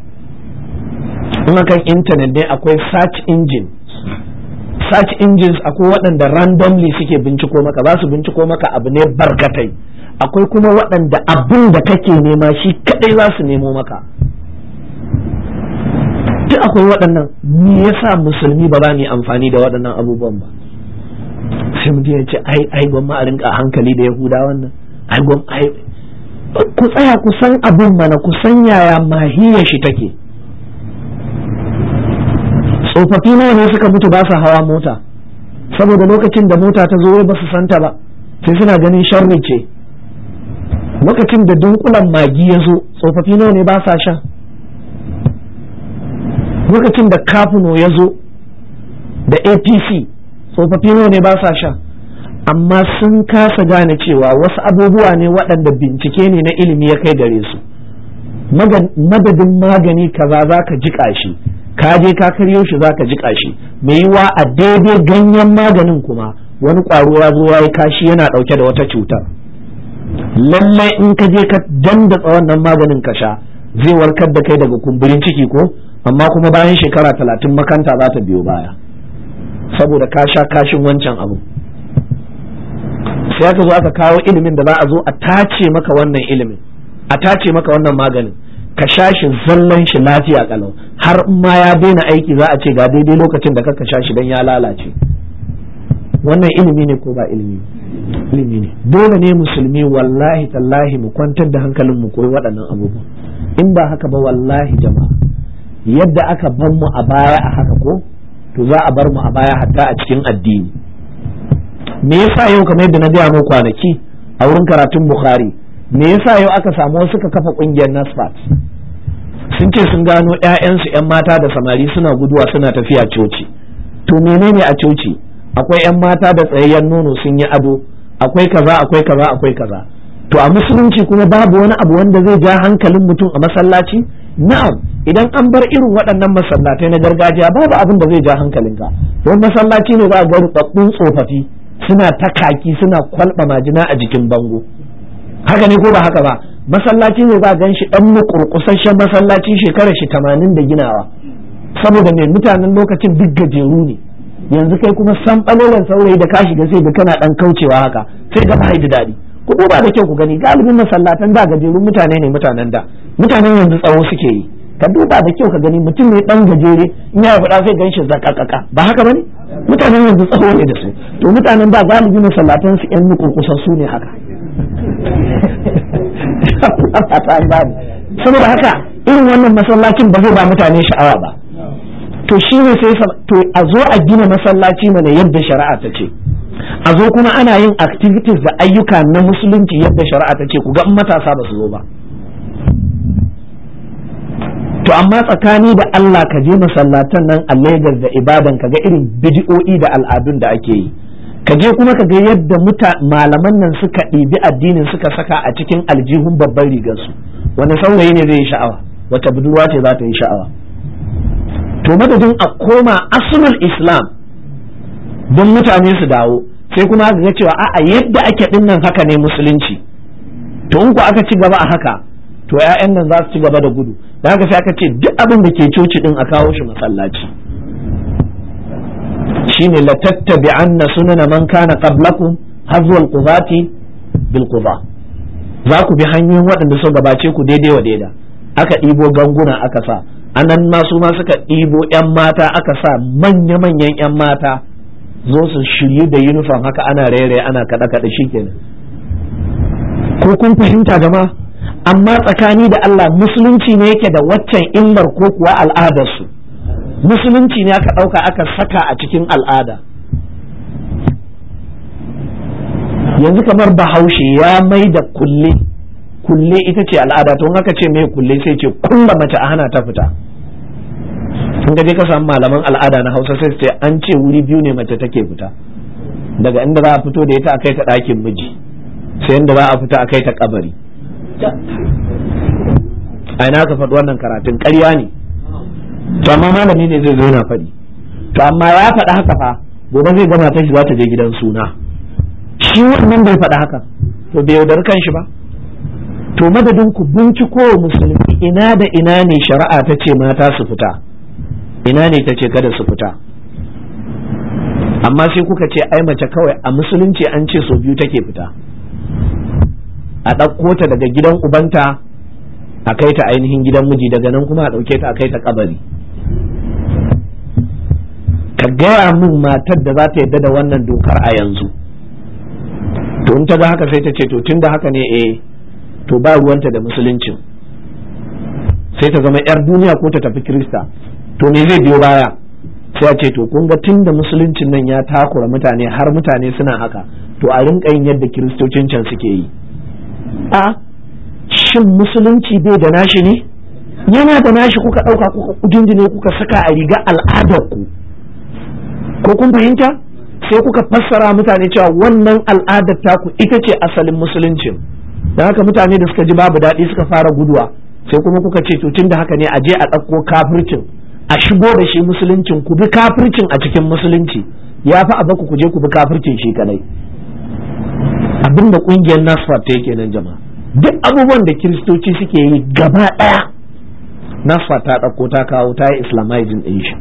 in akan intanet ne akwai search engine search engines akwai waɗanda randomly suke binciko maka za su binciko maka abu ne barkatai akwai kuma waɗanda abin da kake nema shi kadai za su nemo maka duk akwai waɗannan me yasa musulmi ba za mu amfani da waɗannan abubuwan ba sai mu ya ce ai ai ma a rinka hankali da yahuda wannan ai gwamma ai ku tsaya ku san abin mana ku san yaya mahiya shi take tsofaffi nawa ne suka mutu ba su hawa mota saboda lokacin da mota ta zo ba su santa ba sai suna ganin sharri ce lokacin da dunkulan magi ya zo tsofaffi nawa ne ba sa sha lokacin da kafuno ya zo da apc tsofaffi nawa ne ba sa sha amma sun kasa gane cewa wasu abubuwa ne waɗanda bincike ne na ilimi ya kai gare su madadin magani kaza za ka jiƙa shi ka je ka karyo shi za ka jiƙa shi mai yiwa a daidai ganyen maganin kuma wani ƙwaro ya zo ya kashi yana ɗauke da wata cuta lallai in ka je ka dandatsa wannan maganin ka sha zai warkar da kai daga kumburin ciki ko amma kuma bayan shekara talatin makanta za ta biyo baya saboda ka sha kashin wancan abu sai aka zo aka kawo ilimin da za a zo a tace maka wannan ilimin a tace maka wannan maganin ka sha shi zallan shi lafiya kalau har ma ya daina aiki za a ce ga daidai lokacin da ka sha shi dan ya lalace wannan ilimi ne ko ba ilimi ilimi ne dole ne musulmi wallahi tallahi mu kwantar da hankalin mu koyi waɗannan abubuwa in ba haka ba wallahi jama'a yadda aka ban mu a baya a haka ko to za a bar mu a baya hatta a cikin addini me yasa yau kamar yadda na gaya mu kwanaki a wurin karatun bukhari me yasa yau aka samu wasu ka kafa kungiyar nasfat sun ce sun gano 'ya'yansu 'yan mata da samari suna guduwa suna tafiya coci to menene a coci akwai 'yan mata da tsayayyen nono sun yi ado akwai kaza akwai kaza akwai kaza to a musulunci kuma babu wani abu wanda zai ja hankalin mutum a masallaci na'am idan an bar irin waɗannan masallatai na gargajiya babu abin da zai ja hankalin ka don masallaci ne za a ga rubabbun tsofaffi suna ta kaki suna kwalba majina a jikin bango haka ne ko ba haka ba masallaci ne za a shi dan mukurkusashen masallaci shekarar shi tamanin da ginawa saboda mai mutanen lokacin duk gajeru ne yanzu kai kuma san balolan saurayi da ka shiga sai da kana dan kaucewa haka sai ga bai daɗi dadi ku ba da kyau ku gani galibin masallatan da gajerun mutane ne mutanen da mutanen yanzu tsawo suke yi ka duba da kyau ka gani mutum ne dan gajere in ya faɗa sai ganshi zakakaka ba haka bane mutanen yanzu tsawo ne da su to mutanen ba za mu ji masallatan su yan nukurkusan su ne haka saboda haka irin wannan masallacin ba zai ba mutane sha'awa ba to shi ne sai to a zo a gina masallaci mana yadda shari'a ta ce a zo kuma ana yin activities da ayyuka na musulunci yadda shari'a ta ce ku ga matasa ba su zo ba to amma tsakani da Allah ka je masallatan nan a Lagos da Ibadan ka ga irin bid'o'i da al'adun da ake yi ka je kuma ka ga yadda muta malaman nan suka ɗibi addinin suka saka a cikin aljihun babban rigar su. wani saurayi ne zai yi sha'awa wata budurwa ce za ta yi sha'awa to madadin a koma asulul islam don mutane su dawo sai kuma ga cewa a'a yadda ake dinnan haka ne musulunci to in ku aka ci gaba a haka to yayan nan za su ci gaba da gudu da haka sai aka ce duk abin da ke coci din a kawo shi masallaci shine la tattabi'anna sunana man kana qablakum hazwal qubati bil za ku bi hanyoyin waɗanda suka gabace ku daidai wa daida aka ɗibo ganguna aka sa anan ma su ma suka ɗibo 'yan mata aka sa manya-manyan 'yan mata zo su shirye da uniform haka ana rairaye ana kaɗe-kaɗe shikenan ko kun fahimta jama'a amma tsakani da Allah musulunci ne yake da waccan illar ko kuwa al'adarsu musulunci ne aka ɗauka aka saka a cikin al'ada yanzu kamar bahaushe ya mai da kulle kulle ita ce al'ada to haka ce mai kulle sai ce kulla mace a hana ta fita in gaje ka samu malaman al'ada na hausa sai ce an ce wuri biyu ne mace take fita daga inda za a fito da ita a kai ta ɗakin miji sai inda za a fita a kai ta kabari a ina ka faɗi wannan karatun ƙarya ne to amma malami ne zai zo na faɗi to amma ya faɗi haka fa gobe zai gama ta shi za ta je gidan suna shi wannan bai faɗi haka to bai yaudari kan shi ba to madadin ku binciko musulmi ina da ina ne shari'a ta ce mata su fita ina ne ta ce kada su fita amma sai kuka ce ai mace kawai a musulunci an ce so biyu take fita a ɗauko ta daga gidan ubanta a kai ta ainihin gidan miji daga nan kuma a ɗauke ta a kai ta ƙabari ka gaya min matar da za ta yadda da wannan dokar a yanzu to in ta ga haka sai ta ce to tun da haka ne eh to ba ruwanta da musuluncin sai ta zama yar duniya ko ta tafi kirista to me zai biyo baya sai a ce to kun ga tun da musuluncin nan ya takura mutane har mutane suna haka to a rinka yin yadda kiristocin can suke yi a shin musulunci bai da nashi ne yana da nashi kuka ɗauka kuka kudindine kuka saka a riga al'adar ku ko kun fahimta sai kuka fassara mutane cewa wannan al'adar taku ita ce asalin musuluncin da haka mutane da suka ji babu daɗi suka fara guduwa sai kuma kuka ce to tun da haka ne a je a ɗauko kafircin a shigo da shi musuluncin ku bi kafircin a cikin musulunci ya fi a baku ku je ku bi kafircin shi kadai abin da kungiyar nasfa ta yake nan jama'a duk abubuwan da kiristoci suke yi gaba ɗaya nasfa ta ɗauko ta kawo ta yi islamizing shi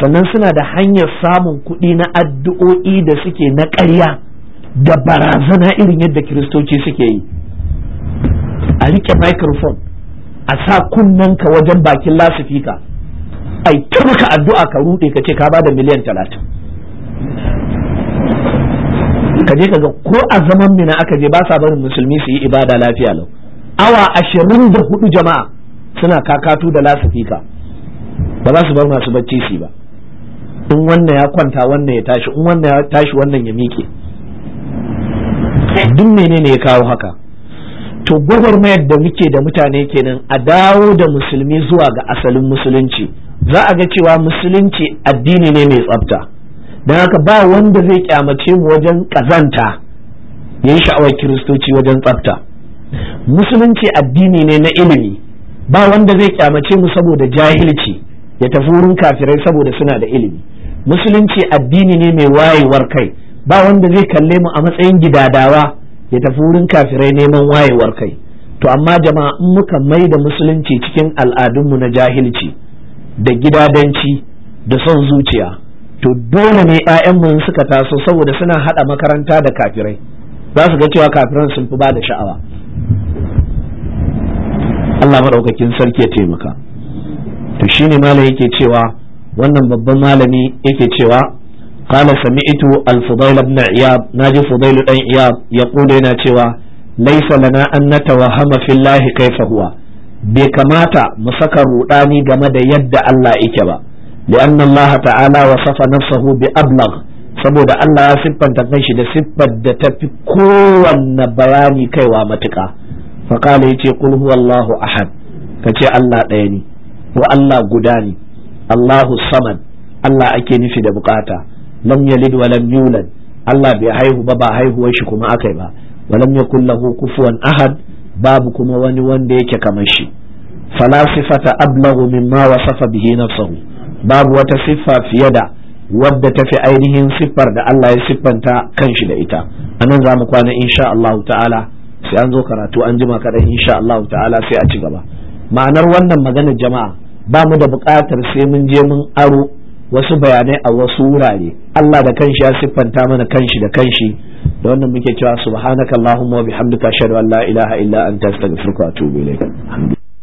sannan suna da hanyar samun kuɗi na addu'o'i da suke na ƙarya da barazana irin yadda kiristoci suke yi a rike microphone a sa kunnen ka wajen bakin lasifika ai ta maka addu'a ka rude ka ce ka bada miliyan talatin ka je ga ko a zaman mina aka je ba sa barin musulmi su yi ibada lafiya lau awa ashirin da hudu jama'a suna kakatu da lasafika ba za su bar masu bacci su ba in wannan ya kwanta wannan ya tashi in wannan ya tashi wannan ya miƙe duk menene ya kawo haka to mayar da muke da mutane kenan a dawo da musulmi zuwa ga asalin musulunci za a ga cewa musulunci addini ne mai tsafta Da haka ba wanda zai kyamace mu wajen kazanta ya yi sha'awar kiristoci wajen tsafta musulunci addini ne na ilimi ba wanda zai kyamace mu saboda jahilci ya tafi wurin kafirai saboda suna da ilimi musulunci addini ne mai wayewar kai ba wanda zai kalle mu a matsayin gidadawa ya tafi wurin kafirai neman wayewar kai to amma jama'a in muka mai da musulunci cikin al'adunmu na jahilci da gidadanci da son zuciya to dole ne ƴaƴanmu suka taso saboda suna haɗa makaranta da kafirai za su ga cewa kafiran sun fi ba da sha'awa Allah maɗaukakin sarki ya taimaka to shine malam yake cewa wannan babban malami yake cewa قال سمعت الفضيل بن عياب ناجي فضيل بن عياب يقول yana cewa ليس لنا أن نتوهم في الله كيف هو bai kamata mu saka rudani game da yadda Allah yake ba لأن الله تعالى وصف نفسه بأبلغ saboda Allah ya siffanta kai shi da siffar da ta fi kowanne bayani kaiwa matuka. faƙala ya ce kul huwallahu ahad ka ce Allah ɗaya ne ko Allah guda ne Allahu samad Allah ake nufi da buƙata. lam yalid wa Allah bai haihu ba ba haihuwar shi kuma akai ba wa lam yakul lahu kufuwan ahad babu kuma wani wanda yake kamar shi falasifata ablaghu mimma wasafa bihi nafsuhu babu wata siffa fiye da wadda ta fi ainihin siffar da Allah ya siffanta kanshi da ita a nan za mu kwana insha Allah ta'ala sai an zo karatu an jima kaɗan insha Allah ta'ala sai a ci gaba ma'anar wannan maganar jama'a ba mu da buƙatar sai mun je mun aro wasu bayanai a wasu wurare Allah da kanshi ya siffanta mana kanshi da kanshi da wannan muke cewa subhanakallahumma wa bihamdika ashhadu an la ilaha illa anta astaghfiruka wa atubu ilayk